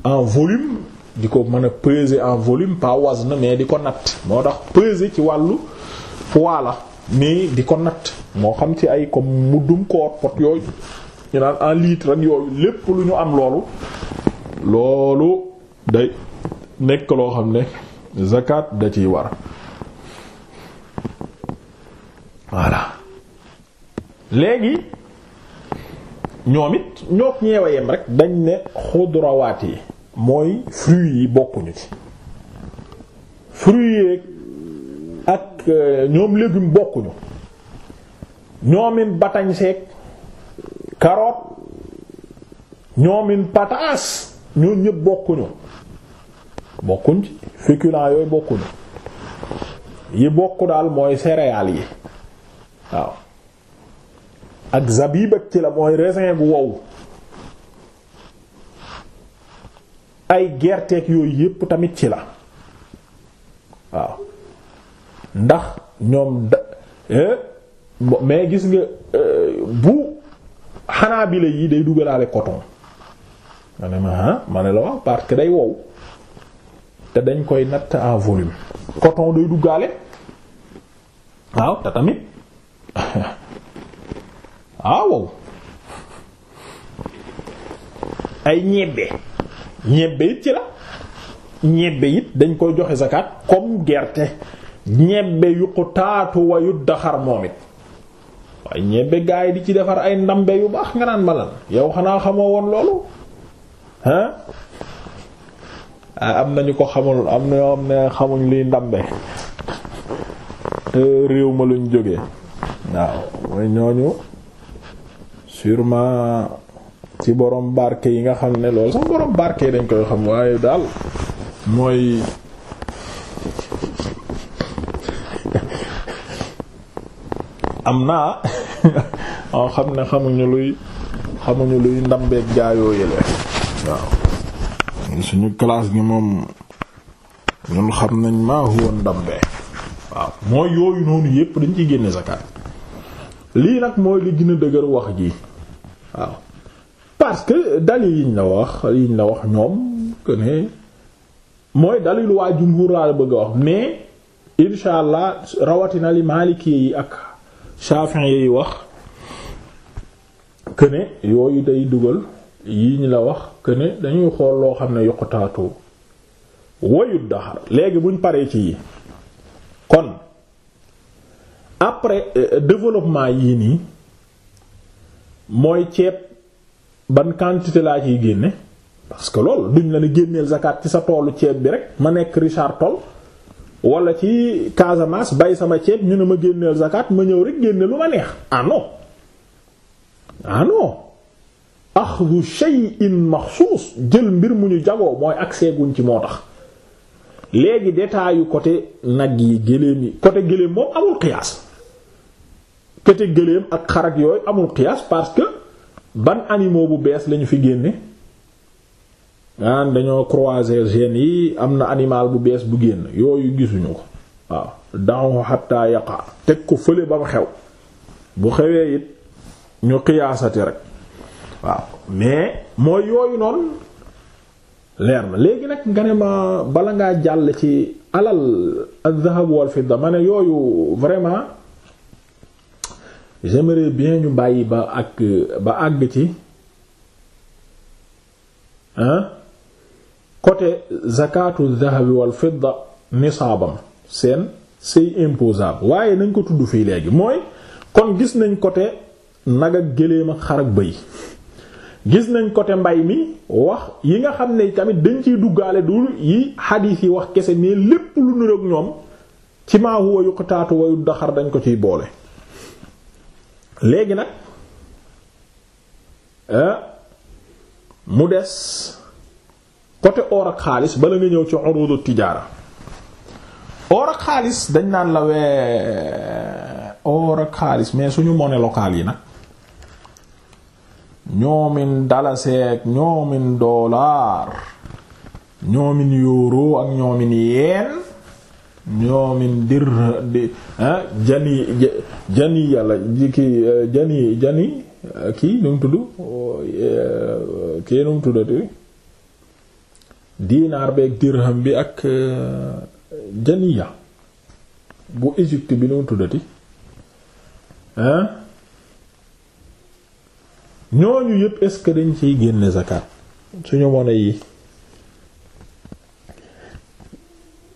en volume di ko mën a peser en volume pas wazn mais di ko natt moo tax peser ci wàllu poids la mais di ko natt moo xam ci ay comme muddum koor pot yooyu ñu naan en litre ak yooyu lépp lu ñu am loolu loolu day nekk loo xam ne zakat da ciy war voilà léegi ñoom it ñoo ñeewa rek dañ ne xudrawaat yi mooy fruits yi bokkuñu ci fruits ak euh, ñoom légumes bokkuñu ñoomin batañ seeg carotte ñoomin pataas ñoo ñëpp bokkuñu bokkuñ ci féculents yooyu bokkuñu yi bokk daal mooy céréales yi waaw ak zabib ak ci la mooy raisin gu wow ay gerteeg yooyu yépp tamit ci la waaw ndax ñoom da eh, mais gis nga eh, bu xanaa xanaabila yi day dugalaale coton ma ne ma ah, la wax parce que day wow te dañ koy natt en volume coton day duggaale waaw te tamit ah, waaw ay ñebbe ñebbe it ci la ñebbe it dañ koy joxe zakat comme gerte ñebbe yuqutaatu wa yuddaxar moom it waaye ñebbe gaa yi di ci defar ay ndambe yu baax nga naan malal yow xanaa xamoo woon loolu hein ah, am nañu ko xamul am na yoo xam ne xamuñ liy ndambe te euh, réew ma luñ jóge waaw mooy ñooñu sûrement ci borom barke yi nga xam ne loolu sax borom barke dañ koy xam waaye daal mooy am naa waaw xam ne xamuñu luy xamuñu luy ndambeeg gaayoo yële waaw suñu classe gi moom ñun xam nañ maa huwa ndambee waaw mooy yooyu noonu yépp dañ ciy génne zakat lii nag mooy li gën dëgër wax ji waaw parce que dalil yiñ la wax yiñ la wax ñoom que mooy dalil waa jumhur laa la bëgg a wax mais insha rawatina li maalikee yi ak Shafi'i yi wax que yooyu day dugal yi ñu la wax que dañuy xool loo xam ne yokkutaatoo woyut daxar léegi buñ paree ci yi kon après euh, euh, développement yii nii mooy ceeb ban quantité laa ciy génne parce que loolu duñ la ne génneel zakat ci sa toolu ceeb bi rek ma nekk Richard Toll. wala ci Casamance bay sama ceeb ñu ne ma génneel zakat ma ñëw rek génne lu ma neex ah non ah non axdu shay'in maxsuus jël mbir mu ñu jagoo mooy accès guñ ci moo tax léegi détail yu côté nag yi géléem yi côté géléem moom amul qiyaas côté géléem ak xarak yooyu amul qiyaas parce que ban animaux bu bees lañu fi génne daan dañoo croiser gènes yi am na animal bu bees bu génn yooyu gisuñu ko waaw daaw xatta yaqa teg ko fële ba mu xew bu xewee it ñu xiyaasati rek waaw mais mooy yooyu noonu leer na léegi nag nga ne ma bala ngaa jàll ci alal ak zahab wal fidda ne yooyu vraiment j'aimerais bien ñu bàyyi ba ak ba àgg ci hein côté zakatu dhahabi wal fidda nisaabam seen c'est imposable waaye nañ ko tudd fii léegi mooy kon gis nañ côté nag ak gëléem ak xar ak bëy gis nañ côté mbay mi wax yi nga xam ne tamit dañ ciy duggaale dul yi xadiis yi wax kese mais lépp lu niroog ñoom ci maa huwa yuqtaatu wa yuddaxar dañ ko ciy boole léegi nag euh, mu des côté or ak xaalis bala nga ñëw ci urudu tijaara or ak xaalis dañ naan la wee ak xaalis mais suñu monnaie locale yi nag ñoomin dalaseeg ñoomin dollar ñoomin euro ak ñoomin yen ñoomin dir di jani jani yàlla jiki jani jani kii nu mu tudd oh, eh, kii nu mu tuddati diinaar bi ak dirham bi ak euh, janiya bu Égypte bi nu tuddati hein ñooñu yépp est-ce que dañ ciy génne zakat suñu monnaie yi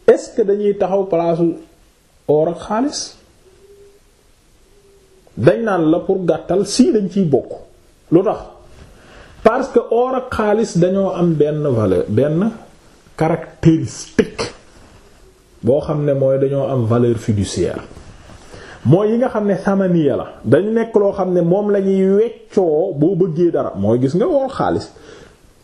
est-ce que dañuy taxaw place or ak xaalis dañ naan la pour gàttal si dañ ciy bokk lu tax parce que or ak xaalis dañoo am benn valeur benn caractéristique boo xam ne mooy dañoo am valeur fiduciaire mooy yi nga xam ne samaniya la dañu nekk loo xam ne moom lañuy ñuy weccoo boo bëggee dara mooy gis nga or xaalis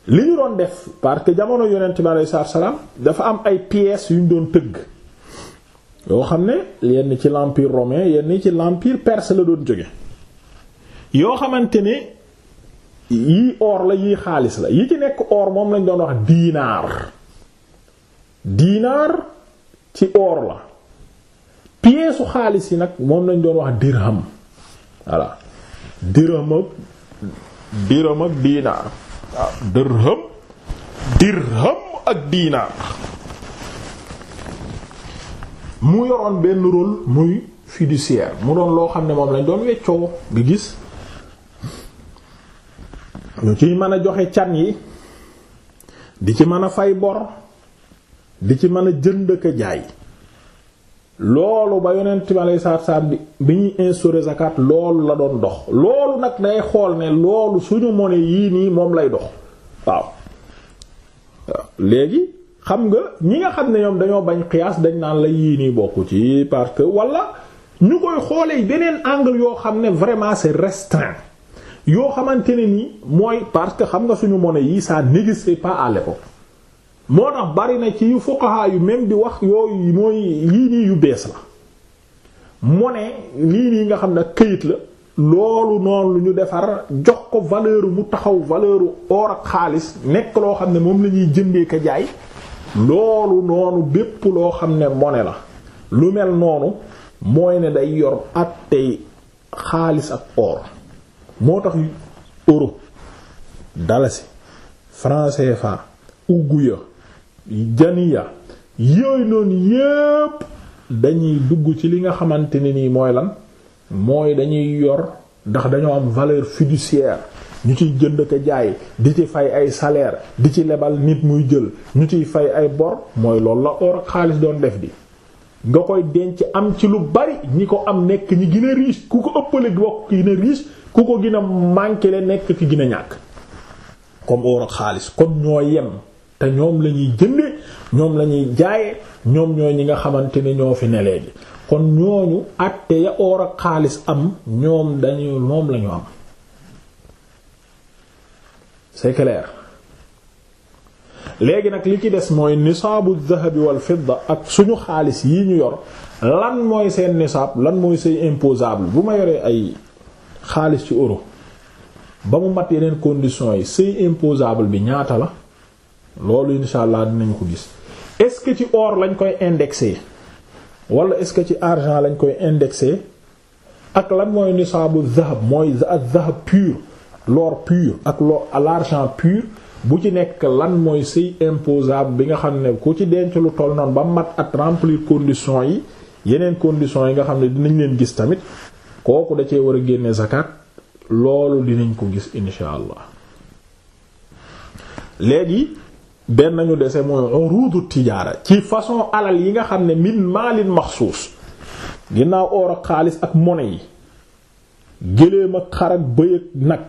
li ñu doon def parce que jamono yonent bi alayhi salaam dafa am ay pièces yu ñu doon tëgg yoo xam ne yenn ci l'empire romain yenn ci l'empire perse la doon jóge yoo xamante ne yii or la yii xaalis la yi ci nekk or moom lañ doon wax diinaar diinaar ci oor la pièce su xaalis yi nag moom lañ doon wax dirham voilà dirham ak dirham ak diinaar waaw dirham dirham ak diinaar mu yoroon benn rôle muy fiduciaire mu doon loo xam ne moom lañ doon weccoo nga gis ñu ci mën a joxe can yi di ci mën a fay bor di ci mën a jënd ka jaay loolu ba yonent bi aleyhi salaatu bi bi ñuy instaurer zakat loolu la doon dox loolu nag day xool ne loolu suñu monnaie nii moom lay dox waaw léegi xam nga ñi nga xam ne ñoom dañoo bañ xiyaas dañ naan la yii nii bokku ci parce que walla ñu koy xoolee beneen angle yoo xam ne vraiment c'est restreint yoo xamante ne nii mooy parce que xam nga suñu monnaie yi ça n'existait pas à l'époque moo tax bari na ci yu fuqaha yu même di wax yooyu mooy yii nii yu bees la monnaie lii nii nga xam ne këyit la loolu noonu lu ñu defar jox ko valeur mu taxaw valeur or ak xaalis nekk loo xam ne moom la ñuy jëndee ka jaay loolu noonu bépp loo xam ne monnaie la lu mel noonu mooy ne day yor attey xaalis ak or. moo tax euro dalasi franc CFA uguya ya yooyu noonu yépp dañuy dugg ci li nga xamante ne nii mooy lan mooy dañuy yor ndax dañoo am valeur fiduciaire ñu ciy jënd ko jaay di ci fay ay salaire di ci lebal nit muy jël ñu ciy fay ay bor mooy lool la or xaalis doon def di nga koy denc am ci lu bari ñi ko am nekk ñi gën a ku ko ëppale bokk ki gën a riche ku ko gën a nekk ci gën ñàkk comme or ak xaalis kon ñoo yem te ñoom lañuy ñuy jënde ñoom lañuy jaaye ñoom ñooy ñi nga xamante ne ñoo fi nelee léegi kon ñooñu àtte ya or ak xaalis am ñoom dañu moom lañu am c'est léegi nag li ci des mooy nisaabu dhahabi wal fidda ak suñu xaalis yi ñu yor lan mooy seen nisaab lan mooy seen imposable bu ma yoree ay xaalis ci euro ba mu mat yeneen conditions yi seen imposable bi ñaata la loolu insha allah dinañ ko gis est-ce que ci or lañ koy indexé wala est-ce que ci argent lañ koy indexé ak lan mooy nisaabu dhahab mooy dhahab pur l'or pur ak l'or l'argent pur bu ci nekk lan mooy sëy imposable bi nga xam ne ku ci denc lu toll noonu ba mat ak remplir conditions yi yeneen conditions yi nga xam ne dinañ leen gis tamit kooku da cee war a génne zakat loolu dinañ ko gis insha allah léegi benn nañu dese mooy urudu tijaara ci façon alal yi nga xam ne min maalin maxsuus ginnaaw or ak xaalis ak mone yi gëléem ak xar bëy ak nag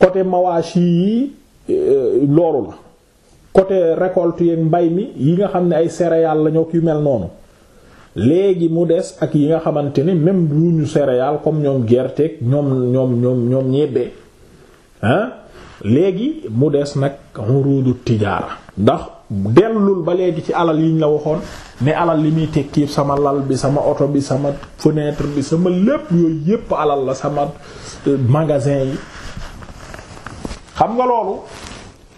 côté mawashi yi euh, loolu la côté récolte yeeg mbay mi yi nga xam ne ay céréales la ki mel noonu léegi mu des ak yi nga xamante ni même duñu céréales comme ñoom gerteeg ñoom ñoom ñoom ñoom ñebbe ah léegi mu des nag urudu tijaara ndax dellul ba léegi ci alal yiñ la waxoon ne alal li muy tekki sama lal bi sama oto bi sama fenêtre bi sama lépp yooyu yépp alal la sama euh, magasin yi xam nga loolu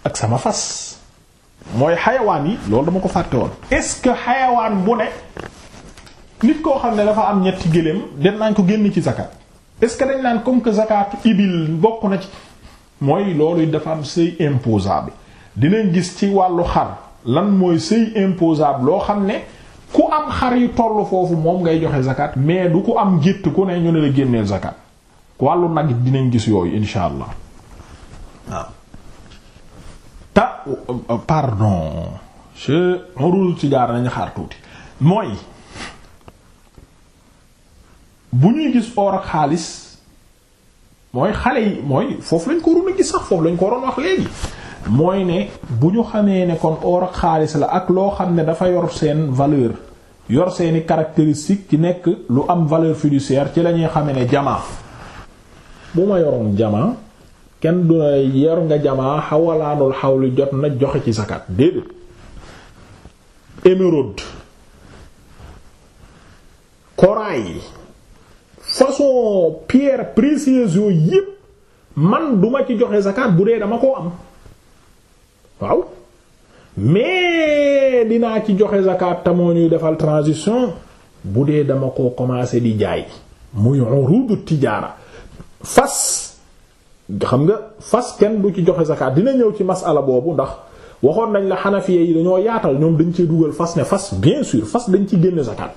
ak sama fas mooy xayawaan yi loolu dama ko fàtte woon est-ce que xayawaan bu ne nit koo xam ne dafa am ñetti gëléem den nañ ko génn ci zakat est-ce que dañ naan comme que zakat ibil bokk na ci mooy loolu dafa am seuil imposable dinañ gis ci wàllu xar lan mooy seuil imposable loo xam ne ku am xar yu toll foofu moom ngay joxe zakat mais du ku am gétt ku ne ñu ne la génneel zakat wàllu nag dinañ gis yooyu insha allah waaw ta euh, pardon je orul ci jaar nañu xaar tuuti mooy bu ñuy gis or ak xaalis mooy xale yi mooy foofu lañ ko waroon a gis sax mooy ne bu ñu xamee ne kon or ak xaalis la ak loo xam ne dafa yor seen valeur yor seeni caractéristiques ci nekk lu am valeur fiduciaire ci la ñuy xamee ne jamaa bu ma yoroon jamaa kenn du na yor nga jamaa xawalaanul xawli jot na joxe ci zakat déedéet émeraude corail façon pierre précieuse yooyu yépp man duma ci joxe zakat bu dee dama koo am waaw mais dinaa ci joxe zakat tamoo ñuy defal transition bu dee dama ko commencer di jaay muy urudu tijaara fas xam nga fas kenn du ci joxe zakat dina ñëw ci ala boobu ndax waxoon nañ la xanafiya yi dañoo yaatal ñoom dañ cee dugal fas ne fas bien sûr fas dañ ci génn zakat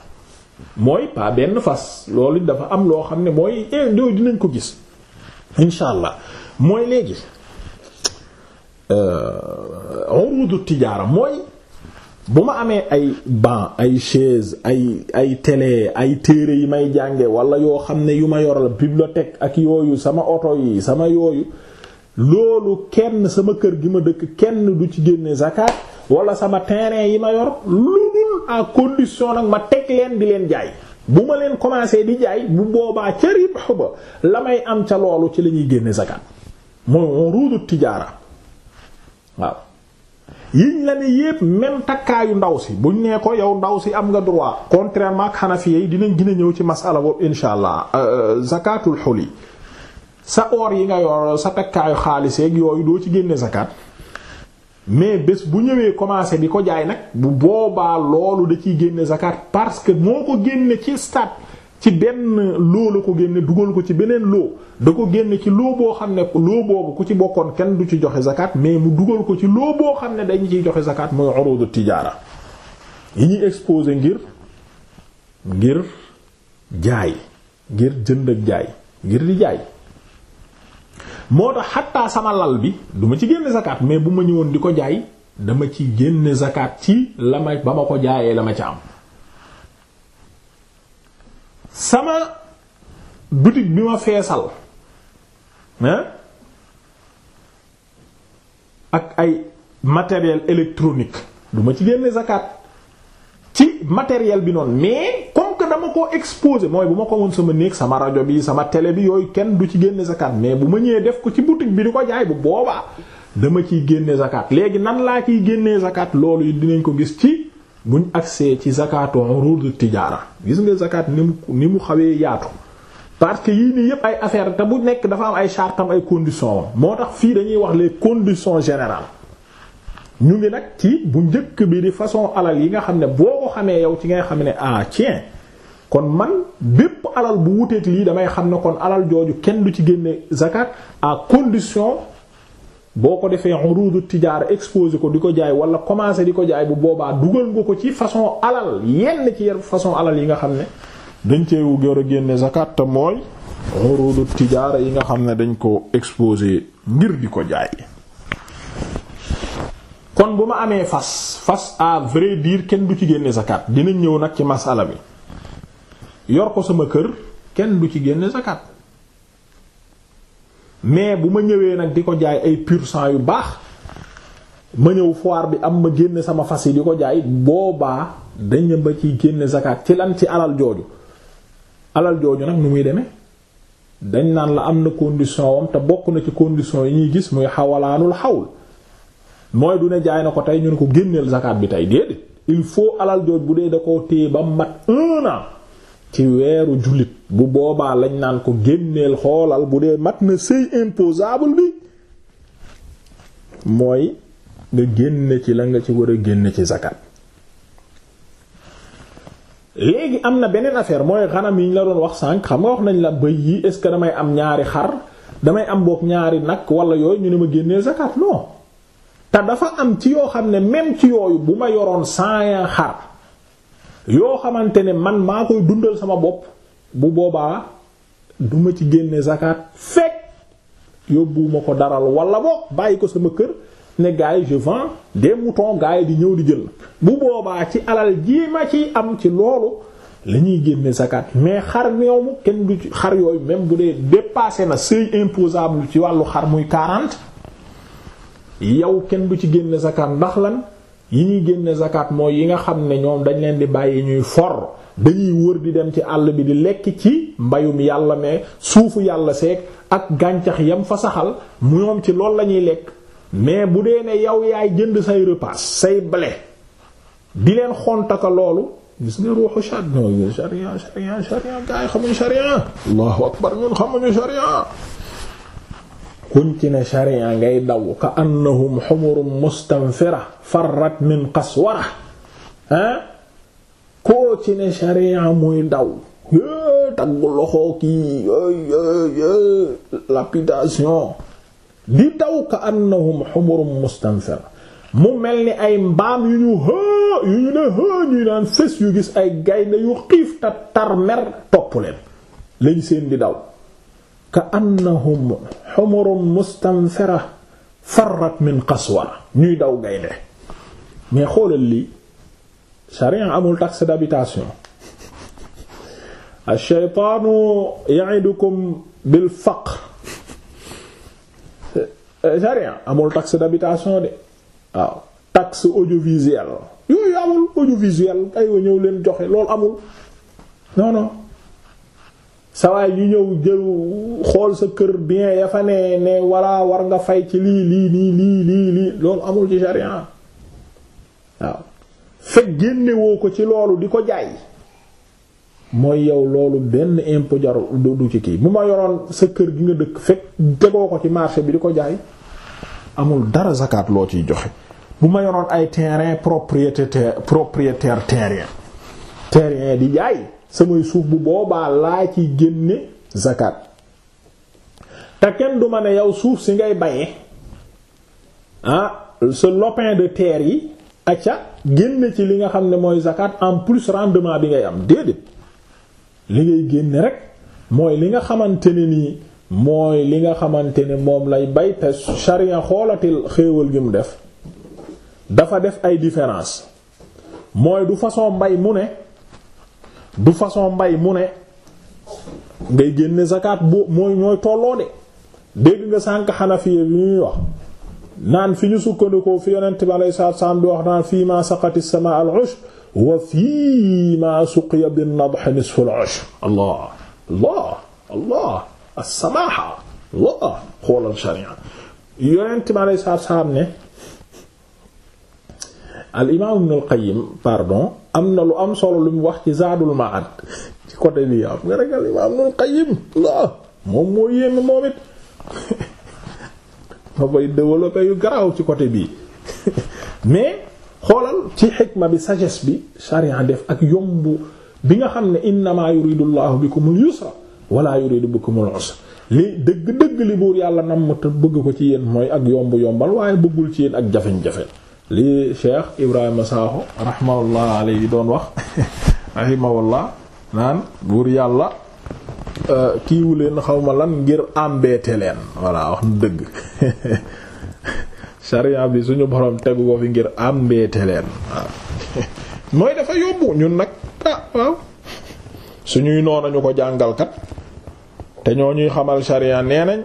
mooy pas benn fas loolu dafa am loo xam ne mooy dooyu eh, dinañ ko gis incha allah mooy léegi euh, urudu tijaara mooy bu ma amee ay banc ay chaise ay ay télé ay téere yi may jànge wala yoo xam ne yu ma yor la bibliothèque ak yooyu sama oto yi sama yooyu loolu kenn sama kër gi ma dëkk kenn du ci génne zakat wala sama terrain yi ma yor lu dul à condition nag ma teg leen di leen jaay bu ma leen commencé di jaay bu boobaa ca ribhu ba la may am ca loolu ci lañuy génne zakat mooy on ruudu waaw yiñ la ne yépp même takkaayu ndaw si buñ nee ko yow ndaw si am nga droit contrairement ak xanafiya yi dinañ gën a ñëw ci masala boobu insha allah euh, zakatul xuli sa or yi nga yor sa takkaayu xaalis yeeg yooyu doo ci génne zakat mais bés bu ñëwee commencé bi ko jaay nag bu boobaa loolu da ciy génne zakat parce que moo ko génne ci stat ci benn loo la ko génne dugal ko ci beneen loo da ko génne ci loo boo xam ne loo boobu ku ci bokkoon kenn du ci joxe zakat mais mu dugal ko ci loo boo xam ne dañ ciy joxe zakat mooy urudu tijaara yi ñu exposé ngir ngir jaay ngir jënd ak jaay ngir di jaay moo tax xattaa sama lal bi duma ci génn zakat mais bu ma ñëwoon di ko jaay dama ci génne zakat ci la ma ba ma ko jaayee la ma ci am sama boutique bi ma feesal hein ak ay matériel électronique du ma ci génne zakat ci matériel bi noonu mais comme que dama ko exposé mooy bu ma ko woon sama néeg sama rajo bi sama télé bi yooyu kenn du ci génne zakat mais bu ma ñëwee def ko ci boutique bi di ko jaay bu boobaa dama ciy génne zakat léegi nan laa ciy génnee zakat loolu yi dinañ ko gis ci buñ agsee ci zakatu urud tijaara gis nga zakat ni mu ni mu xawee yaatu parce que yii nii yépp ay affaire te mu nekk dafa am ay chartam ay conditions moo tax fii dañuy wax les condition général ñu ngi nag ci bu njëkk bi di façon alal yi nga xam ne boo ko xamee yow ci ngay xam ne ah tiens kon man bépp alal bu wuteeg lii damay xam ne kon alal jooju kenn du ci génne zakat à condition boo ko defee urudu tijaara exposé ko di ko jaay wala commencé di ko jaay bu boobaa dugal nga ko ci façon alal yenn ci yenn façon alal yi nga xam ne dañ cee war a génne zakat te mooy urudu tijaara yi nga xam ne dañ ko exposé ngir di ko jaay. kon bu ma amee fas fas à vrai dire kenn du ci génne zakat dinañ ñëw nag ci masala bi yor ko sama kër kenn du ci génne zakat. mais bu ma ñëwee nag di ko jaay ay pur sang yu baax ma ñëw foire bi am ma génne sama fas yi di ko jaay boobaa dañ ba ci génne zakat ci lan ci alal jooju alal jooju nag nu muy deme dañ naan la am na condition wam te bokk na ci condition yi ñuy gis muy xawalaanul xawul mooy du ne jaay na ko tey ñu ne ko génneel zakat bi tey déedéet il faut alal jooj bu dee da ko téye ba mat un an ci weeru jullit bu boobaa lañ naan ko génneel xoolal bu dee mat na sëy imposable bi mooy nga génne ci la nga ci war a génne ci zakat léegi am na beneen affaire mooy xanam yi ñu la doon wax sànq xam nga wax nañ la bëy yi est-ce que damay am ñaari xar damay am boog ñaari nag wala yooyu ñu ne ma génnee zakat non te dafa am ci yoo xam ne même ci yooyu bu ma yoroon cent xar yoo xamante ne man maa koy dundal sama bopp bu boobaa duma ci génne zakat fekk yóbbuwuma ko daral wala boog bàyyi ko sama kër ne gars yi je vends des moutons di ñëw di jël bu boobaa ci alal ji ma ci am ci loolu lañuy génne zakat mais xar ñoomu kenn du xar yooyu même bu dee dépassé na seuil imposable ci wàllu xar muy 40 yow kenn bu ci génne zakat ndax lan yi ñuy génne zakat mooy yi nga xam ne ñoom dañ leen di bàyyi ñuy for dañuy wër di dem ci àll bi di lekk ci mbayum yàlla mais suufu yàlla seek ak gàncax yam fasaxal saxal ci lool la ñuy lekk mais bu dee ne yow yaay jënd say repas say blé di leen xontaka loolu gis nga ruuxu sharia sharia sharia xamuñu sharia allahu akbar ñun xamuñu sharia kuñ ci ne sharia ngay daw ka annahum xumurum mustanfira farrat min qaswara ah koo ci ne sharia muy daw tagg loxo kii lapidation di daw ka annahum xumurum mustanfira mu mel ni ay mbaam yu ñu hë yu ñu ne hë ñuy naan fës yu gis ay gaynde yu xiif ta tar mer topp leen lañ seen di daw ka annahum humurun mustanfira farrat min qaswara ñuy daw gaynde mais xoolal li sharia amul taxe d'habitation ash-shaytaanu ya'idukum bil faqr sharia amul taxe d'habitation de waaw taxe audiovisuelle yooyu amul audiovisuel ay ñëw leen joxe loolu amul non sawaay yu ñëw jël xool sa kër bien ya fa ne ne walla war nga fay ci lii lii nii lii lii lii loolu amul ci sharia waaw fekk génnewoo ko ci loolu di ko jaay mooy yow loolu benn impôt jarul du ci kii bu ma yoroon sa kër gi nga dëkk fekk tegoo ko ci marché bi di ko jaay amul dara zakat loo ciy joxe bu ma yoroon ay terrain propriétaire propriétaire terrien terrien di jaay samay suuf bu boobaa laa ci génne zakat te kenn du ma ne yow suuf si ngay baye ah sa lopin de terre yi acca génne ci li nga xam ne mooy zakat en plus rendement bi ngay am déedéet li ngay génne rek mooy li nga xamante ne nii mooy li nga xamante ne moom lay bay te xoolati xoolatil xéewal gi mu def dafa def ay différence mooy du façon mbay mu ne du façon mbay mu ne ngay génne zakat boo mooy ñooy tolloo de dégg nga sànk xanafiya bi ñuy wax naan fi ñu sukkandikoo fi yonent bi alayhi salaatu salaam bi wax naan fii ma saqati sama al ushr wa fii ma suqiya bin nadh nisfu al ushr allah allah allah as-samaaha allah xoolal sharia yonent bi alayhi salaatu salaam ne al imaam ibn al qayyim pardon am na lu am solo lu mu wax ci Zaadul Ma'ad ci côté bi am nga rek al imaam Ibnul Qayyim la moom moo yéeme moom it nga koy développer yu garaaw ci côté bii mais xoolal ci xikma bi sagesse bi sharia def ak yombu bi nga xam ne innamaa yuridu Allahu bikumul yusra wala yuridu bikumul usra li dëgg dëgg li buur yàlla nam te bëgg ko ci yéen mooy ak yomb yombal waaye bëggul ci yéen ak jafeñ-jafeñ li Cheikh Ibrahima Sakho rahmatullah alayhi doon wax rahimahullah naan buur yàlla euh, kiiwu leen xaw ma lan ngir embêter leen voilà wax na dëgg sariya bi suñu boroom tegu ko fi ngir embêter leen mooy dafa yóbbu ñun nag ah, suñuy noona ñu ko jàngalkat te ñoo ñuy xamal sariya nee nañ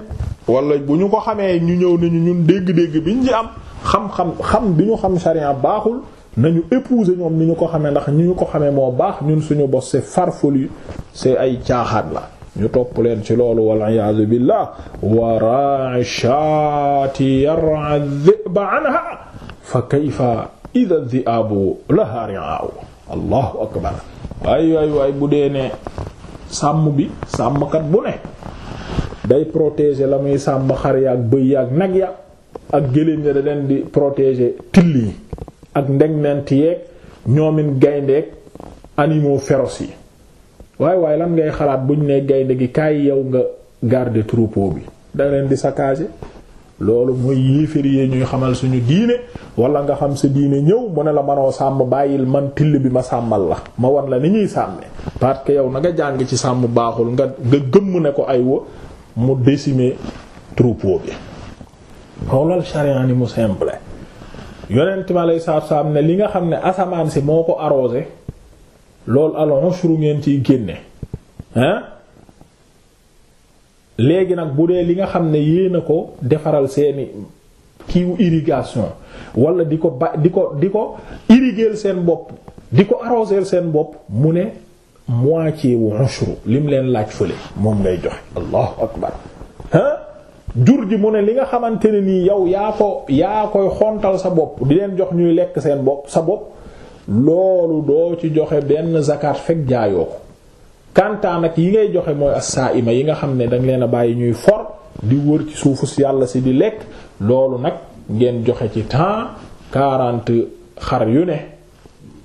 wala bu ñu ko xamee ñu ñëw nañu ñun dégg-dégg biñ ci am. xam-xam xam bi ñu xam sharia baaxul nañu épouser ñoom ni ñu ko xamee ndax ñu ñu ko xamee moo baax ñun suñu bos c'est farfelu c'est ay caaxaat la ñu topp leen ci loolu wal iyaadu billah wa ra'i shaati yar'a dhi'ba anha fa kayfa idha dhi'abu laha ri'a'u allahu akbar waay waay waay bu dee ne sàmm bi sàmmkat bu ne day protéger la muy sàmm xar yaag bëy yaag nag yaag ak gëléem ña da leen di protégé till yi ak ndegment yeeg ñoomin gayndeeg animaux féroces yi waaye waaye lan ngay xalaat buñ nee gaynde gi kaay yow nga garde troupeau bi da leen di saccager loolu mooy yéeférie ñuy xamal suñu diine wala nga xam sa diine ñëw mu ne la manoo sàmm bàyyil man till bi ma sàmmal la ma wan la ni ñuy sàmme parce que yow na nga jàng ci sàmm baaxul nga nga gëmm ne ko ay wa mu décimer troupeau bi xoolal sharia ni mu simple yonent mi alayhi salaatu salaam ne li nga xam ne asamaan si moo ko arrosé loolu al ushru ngeen ciy génne hein léegi nag bu dee li nga xam ne yéen a ko defaral seeni kiiwu irrigation wala di ko ba di ko di ko irriguer seen bopp di ko arroser seen bopp mu ne moitié wu ushru lim leen laaj fële moom ngay joxe allahu akbar hein jur ji mu ne li nga xamante ne nii yow yaa ko yaa koy xontal sa bopp di leen jox ñuy lekk seen bopp sa bopp loolu doo ci joxe benn zakat fekk jaayoo ko kantaa nag yi ngay joxe mooy as-saa'ima yi nga xam ne danga leen a bàyyi ñuy for di wër ci suufu si yàlla si di lekk loolu nag ngeen joxe ci temps quarante xar yu ne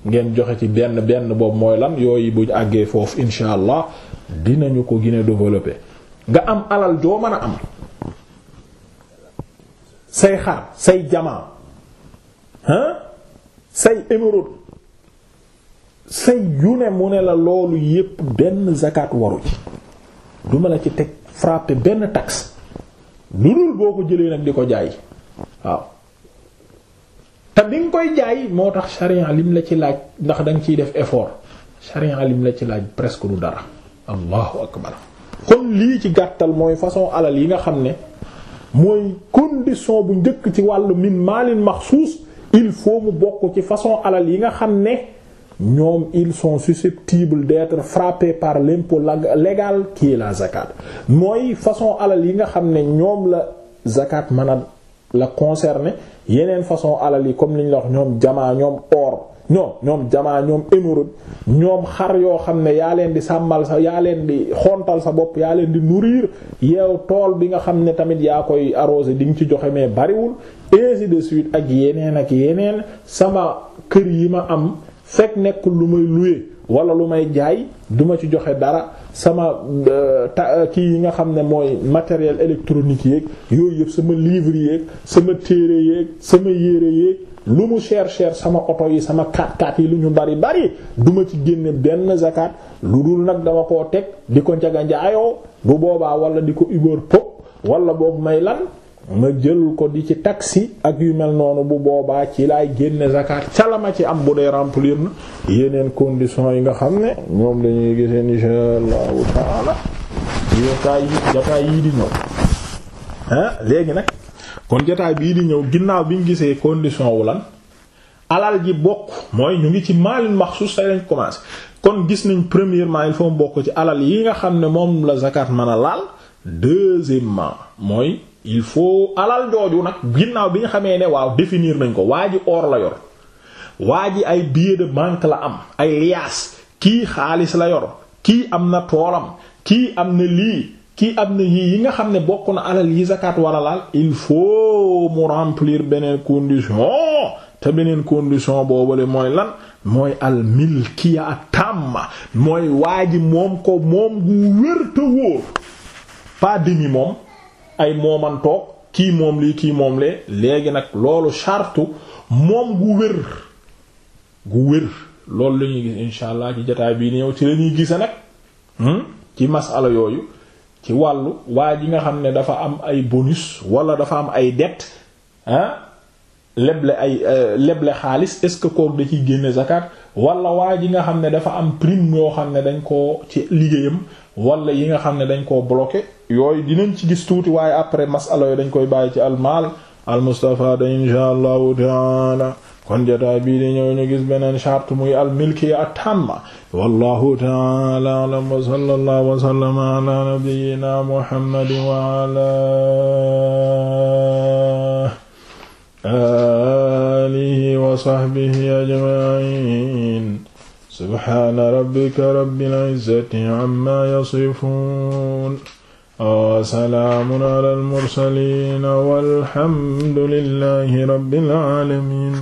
ngeen joxe ci benn benn boobu mooy lan yooyu buñ àggee foofu incha allah dinañu ko gën a nga am alal joo mën a am say xar say jamaa hein say émeraude say yu ne mu ne la loolu yépp benn zakat waru ci duma la ci teg frappé benn taxe lu dul boo ko jëlee nag di ko jaay waaw te bi nga koy jaay moo tax sharia lim la ci laaj ndax danga ciy def effort sharia lim la ci laaj presque du dara allahu akbar kon lii ci gàttal mooy façon alal yi nga xam ne mooy condition bu njëkk ci wàllu min maalin maxsuus il faut mu bokk ci façon alal yi nga xam ne ñoom ils sont susceptibles d'être frappés par l'impôt légal qui est la zakat mooy façon alal yi nga xam ne ñoom la zakat mën a la concerner yeneen façon alal yi comme li ñu la wax ñoom jamaa ñoom or ñoom ñoom jamaa ñoom émeraude ñoom xar yoo xam ne yaa leen di sàmmal sa yaa leen di xontal sa bopp yaa leen di nourrir yeew tool bi nga xam ne tamit yaa koy arrosé di nga ci joxe mais bariwul ainsi de suite ak yeneen ak yeneen sama kër yi ma am fekk nekkul lu may louer wala lu may jaay duma ci joxe dara sama euh, ta euh, kii yi nga xam ne mooy matériel électronique yeeg yooyu yëpp sama livre yeeg sama téere yeeg sama yére yeeg lu mu cher cher sama oto yi sama 4 x yi lu ñu bari bari duma ci génne benn zakat lu dul nag dama koo teg di ko njaga njaayoo bu boobaa wala di ko Uber pop wala boobu may lan ma jël ko di ci taksi ak yu mel noonu bu boobaa ci laay génne zakat ca la ma ci am bu dee remplir na yeneen conditions yi nga xam ne ñoom dañuy gisee insha allahu taala jotaay yi jotaay yii di ñëw ah léegi nag kon jotaay bii di ñëw ginnaaw bi ñu gisee condition wu lan alal ji bokk mooy ñu ngi ci maalin maxsu tey lañ commencé kon gis nañ premièrement il faut bokk ci alal yi nga xam ne moom la zakat mën a laal deuxièmement mooy il faut alal jooju nag ginnaaw bi nga xamee ne waaw définir nañ ko waa ji or la yor waa ji ay billets de banque la am ay liaas kii xaalis la yor kii am na toolam kii am na lii kii am na yii yi nga xam ne bokk na alal yi zakat war a laal il faut mu remplir beneen condition te beneen condition boobale mooy lan mooy al milkiya tamma mooy waa ji moom ko moom gu wér te wóor pas demi moom ay moomantoog kii moom lii kii moom lee léegi nag loolu charte moom gu wér gu wér loolu la gis incha allah ci jotaay bii ñëw ci la ñuy gise nag hmm? ci masala yooyu ci wàllu waa ji nga xam ne dafa am ay bonus wala dafa am ay dette ah leble ay euh, leble xaalis est ce que kook da ciy génne zakat wala waa ji nga xam ne dafa am prime yoo xam ne dañ koo ci liggéeyam wala yi nga xam ne dañ koo bloqué yooyu dinañ ci gis tuuti waaye après masala yooyu dañ koy bàyyi ci almaal al mustafada insha allahu taala kon jotaay bii di ñëw ñu gis beneen charte muy al milkiya at-tamma wallahu ta'ala a'lam wa sallallahu wa sallama ala nabiyyina muhammadin wa ala alihi wa sahbihi ajma'in subhana rabbika rabbil izzati amma yasifun wa salaamun ala al mursalin walhamdulillahi rabbil alamin